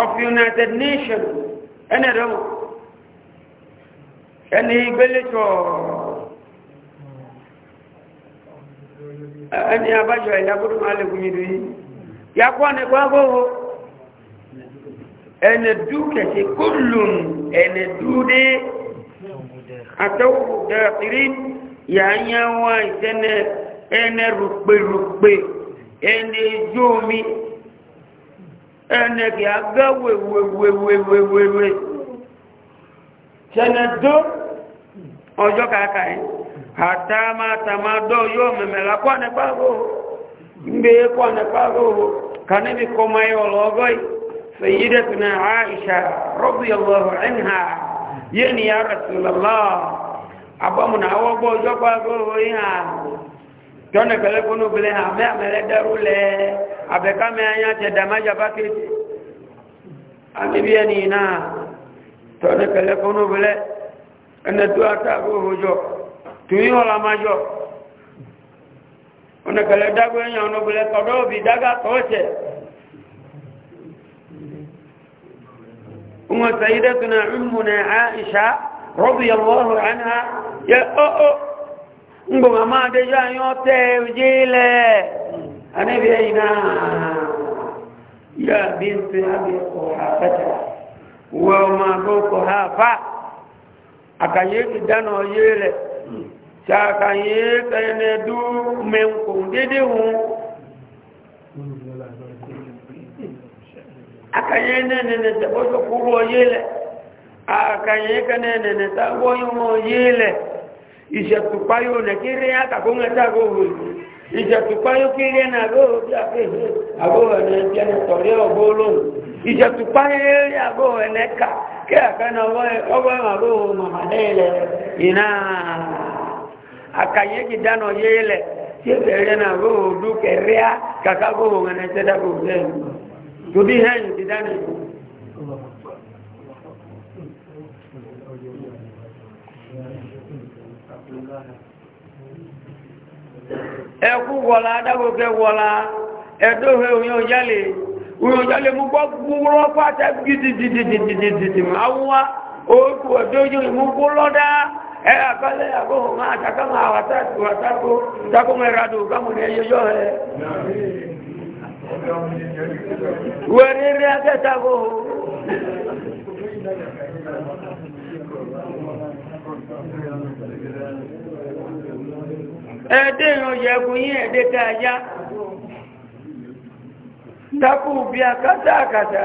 of united nations ẹni ẹ̀rọ ẹni ìgbélétọ̀ ẹni abájọ ẹ̀yà gbọ́dọ̀ máa lè gúnyìn lóyìn yakwane kwago ene duke se kullum ene dude atau daqirin ya nyawa ene ene rukbe rukbe ene jomi ene ki agawe we we we we we we tene do ojo kaka e hata ma tamado yo memela kwane kwago mbe kwane kwago كنبي كما يولوغي سيدتنا عائشة رضي الله عنها يعني يا رسول الله أبا من أوابو جبا قويها tọ́nà kẹlẹ́ kúnnú bilẹ̀ àmẹ́ àmẹ́lẹ́ dẹ́rú lẹ́ àbẹ̀kámẹ́ ayá tẹ dàmájà bá kéjì àmìbí ẹni náà tọ́nà kẹlẹ́ kúnnú bilẹ̀ ẹnẹ́tọ́ àtàgbò òjò tùyí ọ̀làmájọ́ onekele dago enya onobule tọdọ obi daga tọọchẹ umar sayyidatuna ummuna aisha radiyallahu anha ya o o ngbo mama de ya yo te ujile anabi ina ya binti abi quhafata wa ma bu quhafa akaye dano yele saka ye kene du men ko dede hu aka ye ne ne ne te boso kuro yele aka ye kene ne ne ta go yo mo yele ise tu payo ne kire aka ko ngata go hu ise tu payo kire na go bi ape ago ne ti ne tore o bolo ise tu payo ya go ne ka ke aka na wo ina akanyeki dano yele sefere na roho du kerea kaka roho ngana seda ko zen to hen di ẹkú wọlá adágbòkè wọlá mú gbọ́ gbúrọ́ pátá gidigidigidigidigidi awúwá oókù mú gbúrọ́ dáa ẹ̀yà kọ́lé àgbóhùn máa àtàkọ́mọ̀ àwàtàkù àtàkù takúnmọ̀ ìrádù kọ́mù ní ẹ̀ wẹ̀rí rí akẹ́tàkù ẹ̀dẹ́ ìrànyẹ̀kùn yí ẹ̀dẹ́ tààyá takú bí akátàkátà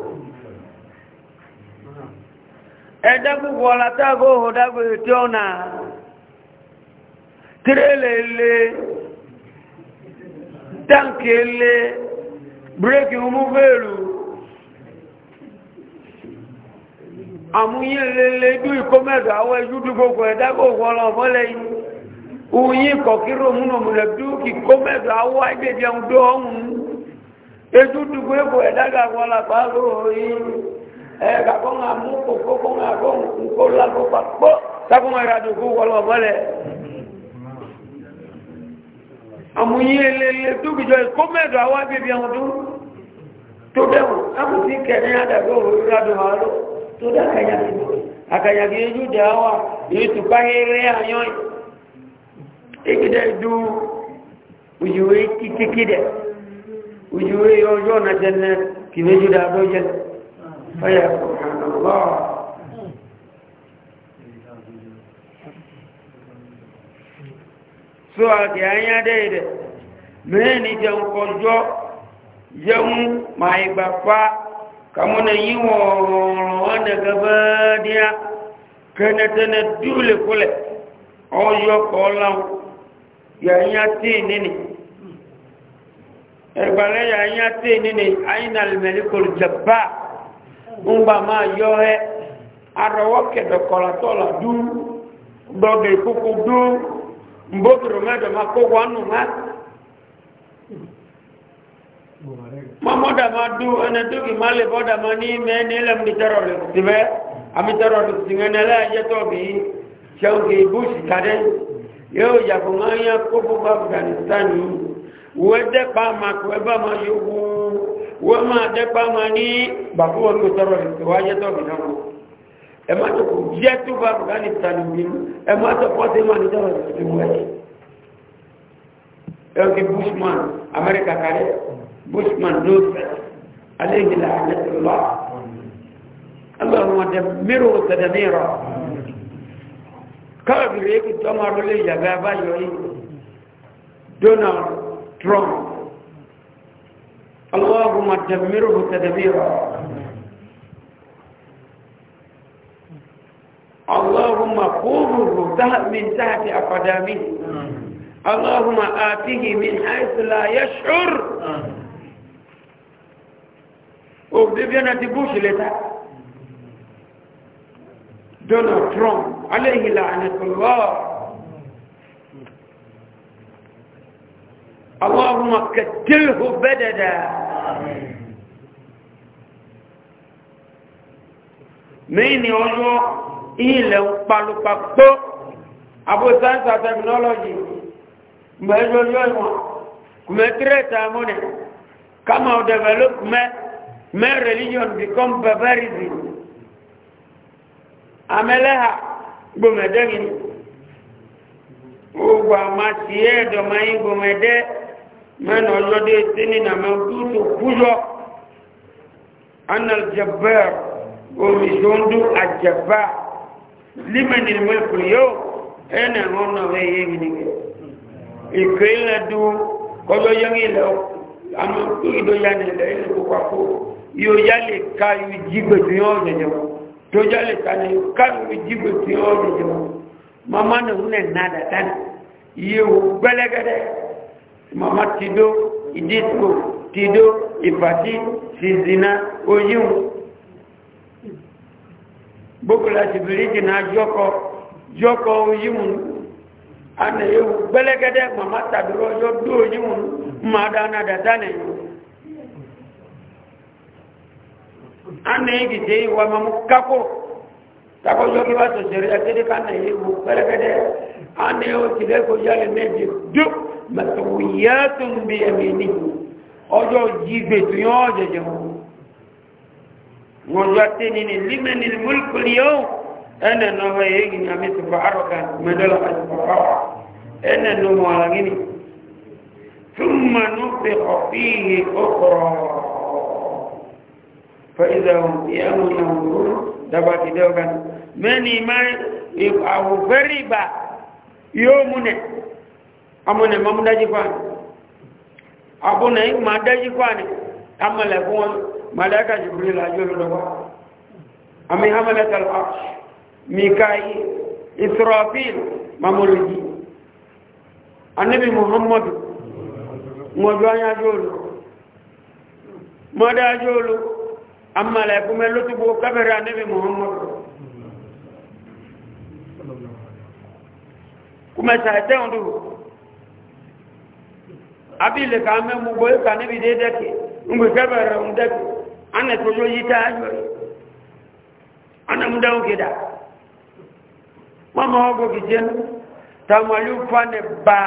ẹ̀dẹ́gbùgbù ọ̀la tágbó òdágbò ètò ọ̀nà tírélèlé táǹkì lé bírèkì múfèèrù àmúyẹ̀lélé dú ìkómẹ̀dọ̀ ẹjú dúgbogbo ẹ̀dágbò ọ̀la ọ̀mọ́lẹ̀ yìí kọ̀kírò ẹ̀ka kó ŋa mú kókó kó ŋa kó nkó la kó pa kpó sákó ŋa ra dùkú wọlé ọmọ lẹ. àmúyí elele dúkìjọ kó mẹ́dọ̀ àwọn abébí àwọn tó tó dẹ̀wọ̀n àmùsí kẹ̀mí àdàgbò òwúrọ̀ àdùn àwọn ló tó dá kànyàkì àkànyàkì ojú dẹ̀ wà èyí tó bá yẹrẹ àyàn ìgbìdẹ̀ du òjòwé kíkékè dẹ̀ òjòwé ọjọ́ nàjẹ́ nẹ kìmẹ́jọ́ dàbọ̀ jẹ́ nẹ. فيا سبحان الله سواء كأنيا ديدة mẹ́ni jẹun kọjọ́ jẹun máa ìgbà pa kàmúnà yíwọ̀ ọ̀rọ̀ ọ̀nà gaba díá kẹ́nẹ̀tẹ́nẹ̀ dúlẹ̀kúlẹ̀ ọyọ́ kọ́láwọ̀ yàáyá tí nínú ẹgbàlẹ́ yàáyá tí nínú àyínà lẹ́mẹ̀lẹ́kọ̀ọ́ jẹba ŋgbà máa yọ ẹ arọwọ kẹdọkọlatọ la dú gbọdọ ìkókó dú mbókèrò mẹdọ máa kó wọn nù mẹ mọmọdà máa dú ẹnẹ dókì máa lè bọdà máa ní mẹ ní ẹlẹm ní tẹrọrìsì bẹ àmì tẹrọrìsì ẹnẹ ẹlẹyẹtọ bíi ṣẹwùkì bush kadẹ yóò yàgò máa ń yá kó gbogbo afghanistan yìí wọ́n dẹ́pà máa kó ẹ bá máa yọ wọ́ọ́ wọ́n máa dẹ́pá máa ní bàbá wọn kò tọrọ ìwáyé tọ́ọ̀gì náà wò ẹ má tó kò jẹ́ tó bá afghanistan bí ẹ má tó pọ́ máa ní tọrọ ìwáyé wáyé bushman amẹ́ríkà kárẹ́ bushman ló fẹ́ aléyìn làánẹ́ tó lọ aláwọn ọdẹ mérò tẹ̀lé mérò káàbìrì èkìtọ́ máa donald trump اللهم دمره تدميرا اللهم خذه من تحت أقدامه اللهم آته من حيث لا يشعر وبدبنا تبوش لتا دونالد ترامب عليه لعنة الله اللهم قتله بددا mẹ́yìn ni ọjọ́ ilẹ̀ palupapọ̀ abo science and technology mẹ́jọ yọ ìwọ̀n kùmẹ́tírẹ̀tà mọ́nẹ̀ kama o develop mẹ́ mẹ́ religion become barbarism amẹ́lẹ́hà gbọmẹ̀dẹ́gin gbogbo àmà tiẹ̀ dọ̀mọ́ yín gbọmẹ̀dẹ́ mẹ́nà ọjọ́dé tí ní nà mẹ́tútù kújọ annaljabar omi ṣoúndú àjẹ̀bá límẹ̀nì mẹ́kù yóò ẹnà wọn náà wẹ́ du kọjọ́ yẹ́ ilẹ̀ àmọ́ ìdó yá ní ilẹ̀ ilẹ̀ kópa kó yóò yá lè ká ibi jígbè tí wọn tó yá lè ká ní ká mama nà ń nà nà dàtà mama tido ìdíkò tido ìpàtí ṣìzìnà oyún gbogbo láti bìrì jìnà jọ́kọ jọ́kọ oyún ana ewu gbẹ́lẹ́gẹ́dẹ́ mama tàbírọ̀ ọjọ́ dó oyún máa dáná dàtà nìyí ana yi gite wa mamu kako tako yogi ba to sere ya kede kana yi gbẹ́lẹ́gẹ́dẹ́ ana yi o kile ko yale mẹ́tọ̀wòyẹ́ tó ń bí ẹ̀mí ní ọjọ́ jígbé tó yán ọ̀jẹ̀jẹ̀ wọn yọ tẹ́ nínú límẹ́ni múlùkùlì yóò ẹnẹ̀ nọ́wọ́ èyí ni àmì ti fọ àrọ̀gà mẹ́dọ́lá àti fọ́fọ́ ẹnẹ̀ ló mọ̀ ọ̀la gíní tún ní fi ọ̀fí ihe ọkọ̀rọ̀ fẹ́ẹ́dà amọ̀nà ìmọ̀mú dájí kwà ní àbúnà ìmọ̀ dájí kwà ní amọ̀lẹ̀ fún wọn màláíkà jùbúrí lájú olùdọ́wà àmì hamilton arch mikai israfil mamologi annabi muhammadu mọ̀jú anyájú olù mọ́dájú olù amọ̀lẹ̀ fún mẹ́lótúgbò kábẹ̀rẹ̀ annabi muhammadu kuma sa ẹ̀tẹ́ ọdún abile ka me mu boy ka ne bide de ke ngu kabara mu de ana to yo yita ajo ana mu dawo ke da mama ogo ki jen ta malu pane ba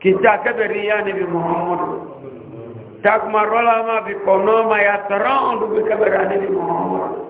ki ta kabari ya ne bi muhammad tak marola ma bi konoma ya tarandu bi kabara ne bi muhammad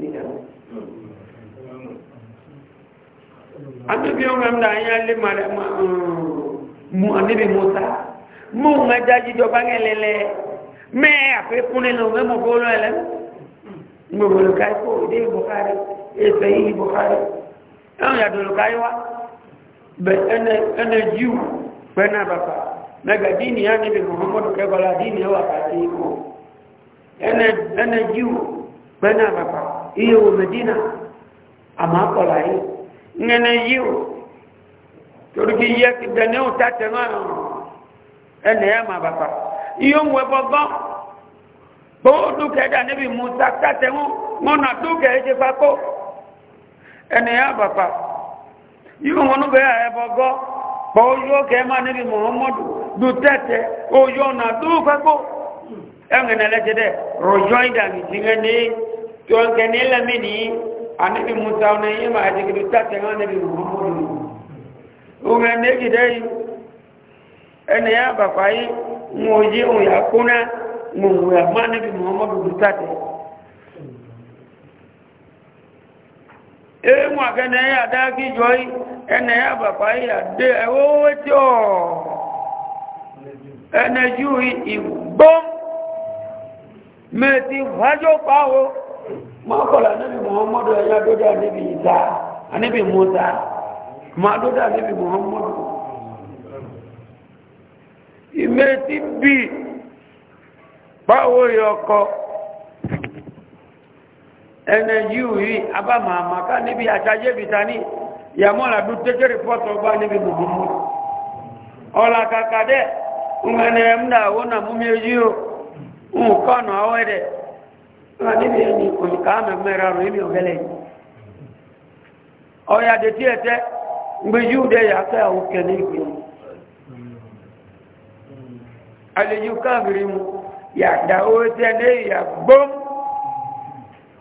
anabi ọ̀rọ̀ ẹ̀mdà ayé alẹ́ màrẹ̀ mu anabi musa mú ọmọ ẹja jíjọ bá ngẹlẹlẹ mẹ àfikún nínú mẹmọ fọlọ ẹlẹ gbogbo olùkà ìdí ìbùkárẹ ètò yìí ìbùkárẹ ẹwọn yàtọ olùkà jíù náà níbi kàtí ikú jíù náà iye àmà nene yiwu! o torí yẹ kí dẹni ta tẹ náà ẹnì má bàbà iye ń wẹ bọgbọ bó dúkẹ dà níbi musa nà dúkẹ fa ẹnì ẹ bàbà yíò wọn bẹ ẹ bọgbọ bọ yóò kẹ má níbi muhammadu dù tẹtẹ oyó nà dúfakó ẹnì ẹ lẹsẹ dẹ rọjò ìdàgbìsí ẹni tó ń kẹ ní anabi musa ona yi ma ati kibi ta tẹ̀wọ́ anabi muhammadu ohun ẹni gidẹ yìí ẹni ya bàfà yìí mo yí ohun ya kúnná mo wù ya mọ́ anabi muhammadu bi ta tẹ̀. ewu akẹ́ni ẹ̀yà dákì jọ yìí ẹni ya de yìí àdé ẹ̀wọ́ wẹ́tí ọ̀ ẹni ju ìgbọ́n vajo pa pàwọ́ máa kọ́ la níbi muhammadu ẹ̀yà dódà níbi ìta níbi musa máa dódà níbi muhammadu ìmẹ̀tí bí báwo yọkọ̀ ẹnẹ yíò yìí abámàmà ká níbi àṣàyébìta ní yàmọ́là bí tẹ́kẹ̀rì pọ́tọ̀ bá níbi muhammadu ọ̀là kàkàdẹ́ ń ẹnẹ ẹ̀mdà àwọn àmúmi yíò ń kọ́nà ọwẹ́dẹ̀ Ah, níbi ẹni kò ní ká mẹ́ mẹ́ra rùn ìmì ògẹ́lẹ̀ ọ̀yà dé tí ẹ̀tẹ́ gbé yíò dé yàtọ̀ àwọn kẹ́lẹ̀ ìgbìmọ̀ àlejò káàkiri mu yàtà owó tẹ́ ní ìyà gbọ́m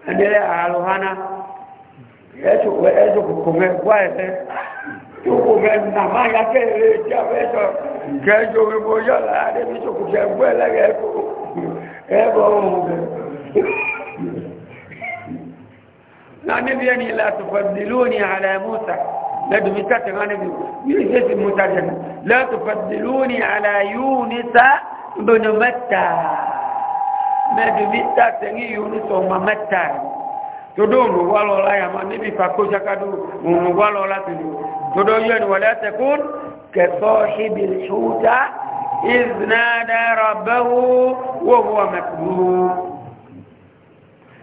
ẹni àlùhánà ẹ̀ṣùkò kò mẹ́ wá ẹ̀fẹ́ tó kò mẹ́ nàmá yàtẹ̀ ẹ̀rẹ́ ìjà fẹ́ṣọ̀ kẹjọ orí mo yọ̀ láàrín mi ṣòkòṣẹ́ gbọ́ ẹ̀lẹ́gẹ̀ẹ́ ẹ̀bọ̀ ohun na nabi yani la tufaddiluni ala musa la dumita tanga nabi yuni sisi musa jana la tufaddiluni ala yunisa ibn matta na dumita tangi yunus o mamatta todo mu walo la ya ma nabi fa ko jakadu mu la tu todo yoni wala takun ka sahibil huta إذ نادى ربه وهو مكذوب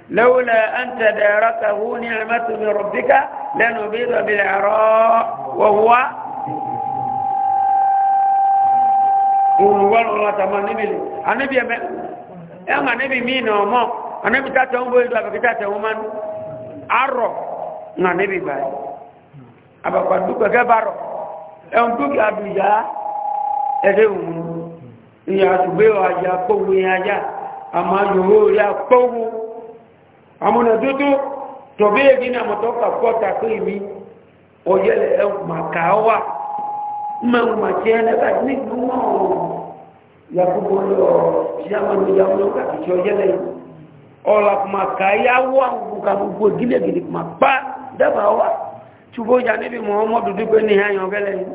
لولا أن تداركه نعمة من ربك لنبيض بالعراء وهو olùwọ́n ọ̀la tàmà níbi lè anábì ẹ̀mẹ́ ẹ̀mà níbi mí nà ọmọ anábì tàtẹ̀ ń bó ìlú àbẹ̀kẹ́ tàtẹ̀ wọn máa ń arọ̀ nà níbi gbà yìí àbàkà dúpẹ̀ kẹ́ bá rọ̀ ẹ̀hún dúkìá àdùjá ẹ̀dẹ́ òun ìyá àdùgbé ọ̀hàjà kówó ìyá àmà yòówó rí àkówó amuna dudu tobe gina motoka kota kimi oyele eh, makawa mmangu machene kati ngumo ya kubolo chama ni jamu ka kichoyele ola kumakaya wangu kabugo gile gile kumapa daba wa chubo ya nabi muhammad dudu ko ni hayo gele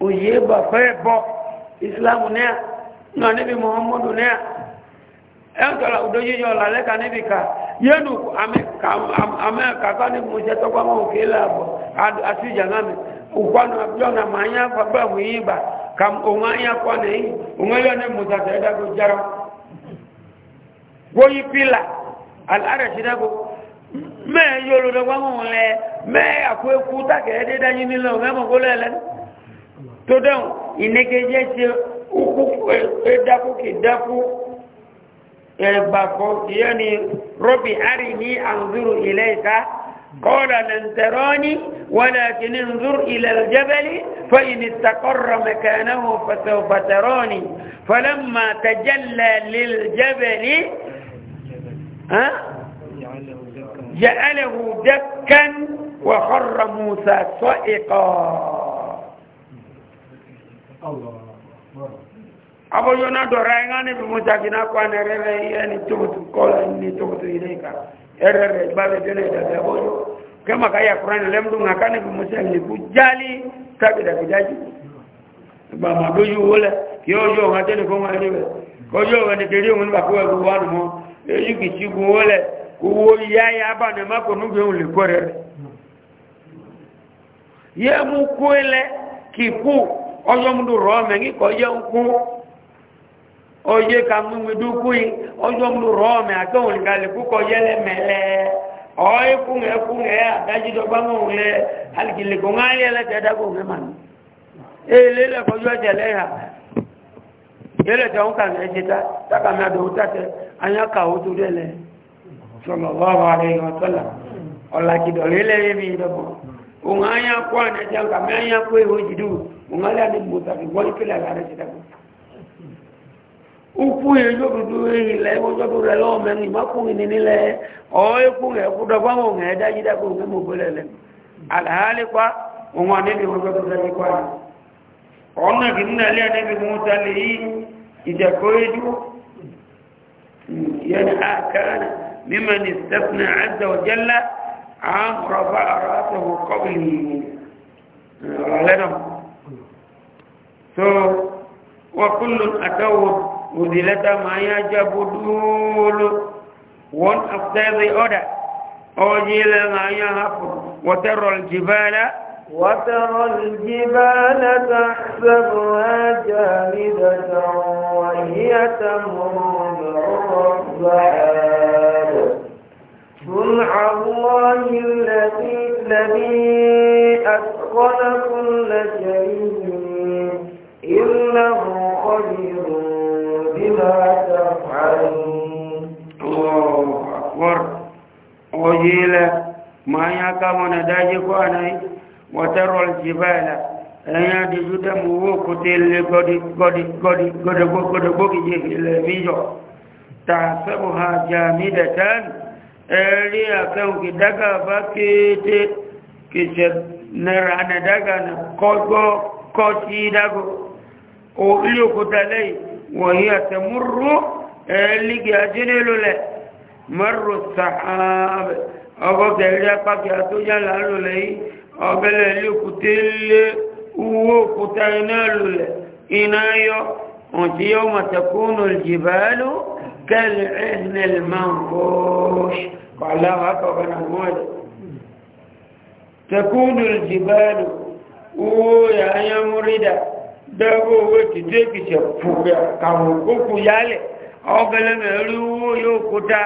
oye ba febo islam ne na níbi muhammadu ní ẹ̀ntọ́lá òdójújọ́ lálẹ́ka níbi ká yẹ́nu amẹ́kàkọ́ ní mo jẹ́ tọ́gbọ́n mọ́ òkè láàbọ̀ àti ìjànà mi òkwánu na ma ń yá pàgbà mú yí bà ka òun á yá kọ́ ní yí òun yọ ní mùsàtà ẹ̀dágbó jára wóyí pílà alárẹ̀sí dágbó mẹ́ẹ̀ yóò lọ́dọ̀ wọ́n mú lẹ mẹ́ẹ̀ àkó ekú tákẹ́ yi dákú kì dákú ẹgbà kan yẹ́ ni rọ́bì àrí ní àǹzúrù ilẹ̀ ìka kọ́ọ̀lá lẹ́ntẹ̀rọ́ní wọ́n kì ní ǹzúrù ilẹ̀ ìjẹ́bẹ̀lì فإن استقر مكانه فسوف تراني فلما تجلى للجبل ها جعله دكا وخر موسى صائقا الله aboyona dora nga ne bimu jagina kwa ne rere ye ni tubutu kola ni tubutu ileka erere bale tene da da boyo kama kaya Qur'an lemdu nga kane bimu se ni kujali kabida kujaji ba ma doju wole yo yo nga tene ko nga ni be ko yo wa ni kiri mun ba ko wa wanu mo e yu ki chigu wole ko wo ya ya ba ne ma ko nu be wole ko rere ye mu kwele kiku oyo mdu rome ngi ko ye ku oye ka mú mi dúkú yìí ọjọ́ mú rọ́ọ̀mì àtọ́hùn ìgbàlẹ̀ púpọ̀ yẹlẹ̀ mẹ́lẹ̀ ọ̀ọ́yẹ́ kún ẹ̀ kún ẹ̀ àdájídọ́gbá mọ̀ òun lẹ̀ alìkìlẹ̀ kò ń ayé lẹ́tẹ̀ dágbò mẹ́ màmí èlé lẹ́kọ̀ọ́jọ́ tẹ̀lé yà yẹlẹ̀ tẹ̀ ń kà ní ẹ̀jẹ̀ tá tákà mi àdó tàtẹ̀ anyá kà ó tó dẹ̀ lẹ̀ sọ̀rọ̀ wàhálà rẹ̀ yọ̀tọ̀là ọ̀làkìdọ̀lẹ́ lẹ́yìn mi dọ̀bọ̀ òun anyá kó àná ukwu ye jodudu eyi lɛ wojodu rɛ lɛ ɔmɛ ŋi maku ŋi nini lɛ ɔyeku ŋɛ ku dɔ fama ŋɛ da yi da ko ŋɛ mo gbɛlɛ lɛ alahali kpa ŋɔ ne bi wojodu rɛ li kpa ɔna bi nina lɛ ne bi musa le yi idako yi du yɛni a kaana mima ni sɛfina ɛzɛ o jɛla an kɔrɔba arasa o kɔbili ɔlɛ dɔn so wa kullun atawɔ udilata mayajabu dulu one after the other ojile ngaya hapo watara aljibala وترى الجبال تحسبها جامدة وهي تمر مر السحاب صنع الله الذي الذي أتقن كل شيء إنه خبير بما تفعلون الله أكبر وجيلة ما يقام نداجك أنا وترى الجبال أنا دجد موك تل قد قد قد قد قد قد قد تحسبها جامدة ألي أكون كدقا فكيت كشد نرى ندقا قد قد قد قد قد قد قد وهي تمر اللي قاعدين له مر السحاب أبو كيلي أباك يأتو جلالو لي أبل اللي كتل وو كتاينالو لي إنايو أنت يوم تكون الجبال كالعهن المنفوش قال الله أكبر أموالي تكون الجبال وو يا يا مريده dẹ́gbẹ́ owó ìtìdú èkìtì kàwòkókù yálẹ̀ ọgẹlẹ́mẹ̀ owó yóò kóta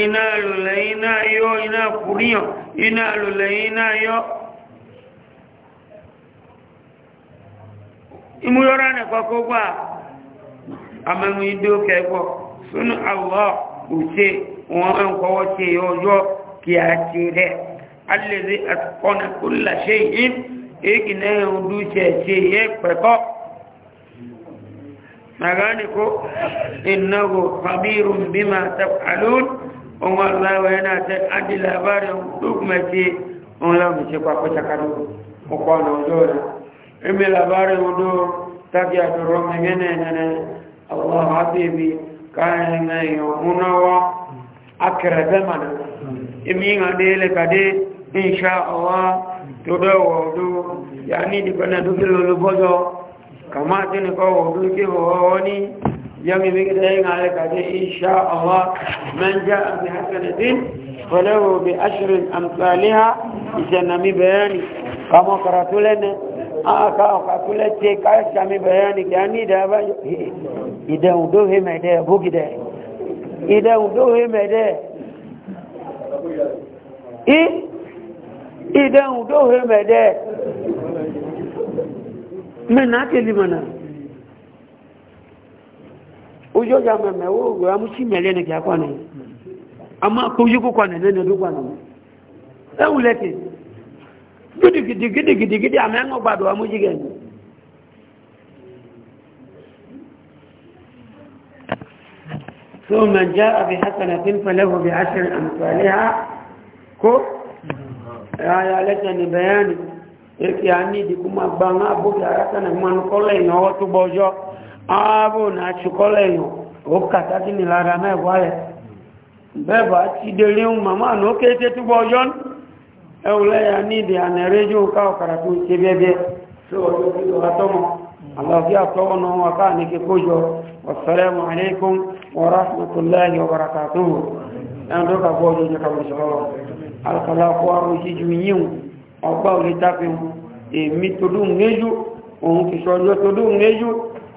iná lòlẹ̀ iná yọ́ iná kúríyàn iná lòlẹ̀ iná yọ́ gbà àwọ̀ a ti rẹ̀ alẹ́rẹ́ àtọ́nà kó làṣẹ́ yìí ṣe yẹ pẹ̀kọ́ naganiko innahu khabirun bima taf'alun on wallahi yana ta adi labarin duk mace on la mu ce kwa ko takadu ko ko no dole imi labarin wudo taki a duro mengene nene Allah habibi kan ne yo munawa akrabe mana imi ngadele kade insha Allah to do wudo yani dipana dukilo bozo kama tuni ko wudu ki honi yami bi da yin alaka da insha Allah man jaa bi hasanatin falahu bi ashri amsalha isanami bayani kama karatulene aka akule ce ka sami bayani gani da ba idan udo he mai da bugi da idan udo he mai da i idan udo he mai da mẹ́nà kèlì mọ̀nà ojú ọjà ne ó rọ amúsí mẹ́lẹ́ nìkẹ́ akọ́nà àmọ́ kójú kókọ́ nà nínú gidi pàdé ẹ̀wù lẹ́kẹ̀ gidigidi gidigidi àmọ́ ẹ̀wọ̀n gbàdọ̀ amúsí gẹ̀ẹ́nì ثم جاء بحسنة فله بعشر أمثالها كو ya يا لتني bayani. eki anidi kuma gbanga abuki arata na manu kolenyo otu bojo na chu kolenyo okata kini na mewa ye beba chidere mama no kete eule ya nidi anerejo ka okara tu sebebe ni ke kojo wassalamu alaikum wa rahmatullahi wa ka ka ọgbà òní tápéwu èmi todú méjú òun ti sọjọ́ todú méjú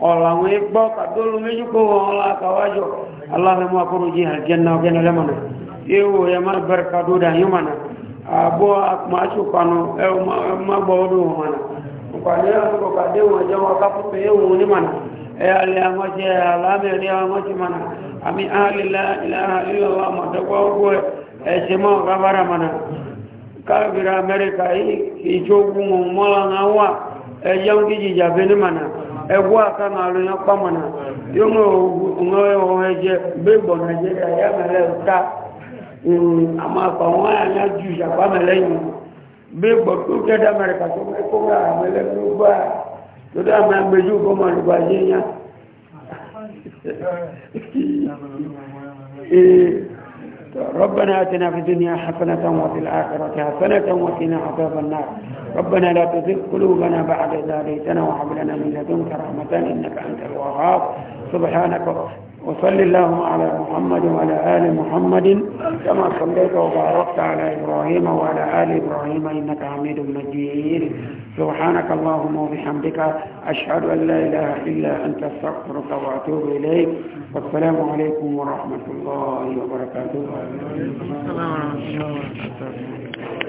ọ̀rọ̀ àwọn ẹgbọ́ kàdólú méjú kó wọn ọlá àkàwájọ aláhùnmọ́ akọ́rọ̀jì àjẹ́nà ọgẹ́nà lẹ́mọ̀nà ewu ẹ̀ má bẹ̀rẹ̀ kàdódà yín mọ̀nà àbọ̀ àpòmásùkànù ẹ̀ má gbọ́ ọdún wọn mọ̀nà nkwàdé àkókò kàdé wọn jẹ́ wọn kápúpẹ̀ ewu wọn ní mọ̀nà ẹ̀ alẹ́ àwọn jẹ́ alámẹ̀ rí àwọn ti mọ̀nà àmì àlìlá ìlànà ìlọ́wọ́ àmọ̀dọ́gbọ́ ẹ̀ṣẹ̀ mọ́ káàkiri amẹ́ríkà yìí ìjọ ogun mọ́lá náà wà ẹjọ́ kí jìjà bí ní mànà ẹgbọ́ àkàmà àlòyàn pàmànà yóò mọ̀ ọ̀hún ẹjẹ́ bẹ́ẹ̀bọ̀ nàìjíríà yá mẹ́lẹ̀ ta àmàpà mm, wọn ربنا اتنا في الدنيا حسنة وفي الآخرة حسنة وقنا عذاب النار ربنا لا تزغ قلوبنا بعد إذ هديتنا وهب لنا من لدنك رحمة إنك أنت الوهاب سبحانك وصل اللهم على محمد وعلى آل محمد كما صليت وباركت على إبراهيم وعلى آل إبراهيم إنك حميد مجيد سبحانك اللهم وبحمدك أشهد أن لا إله إلا أنت استغفرك وأتوب إليك والسلام عليكم ورحمة الله وبركاته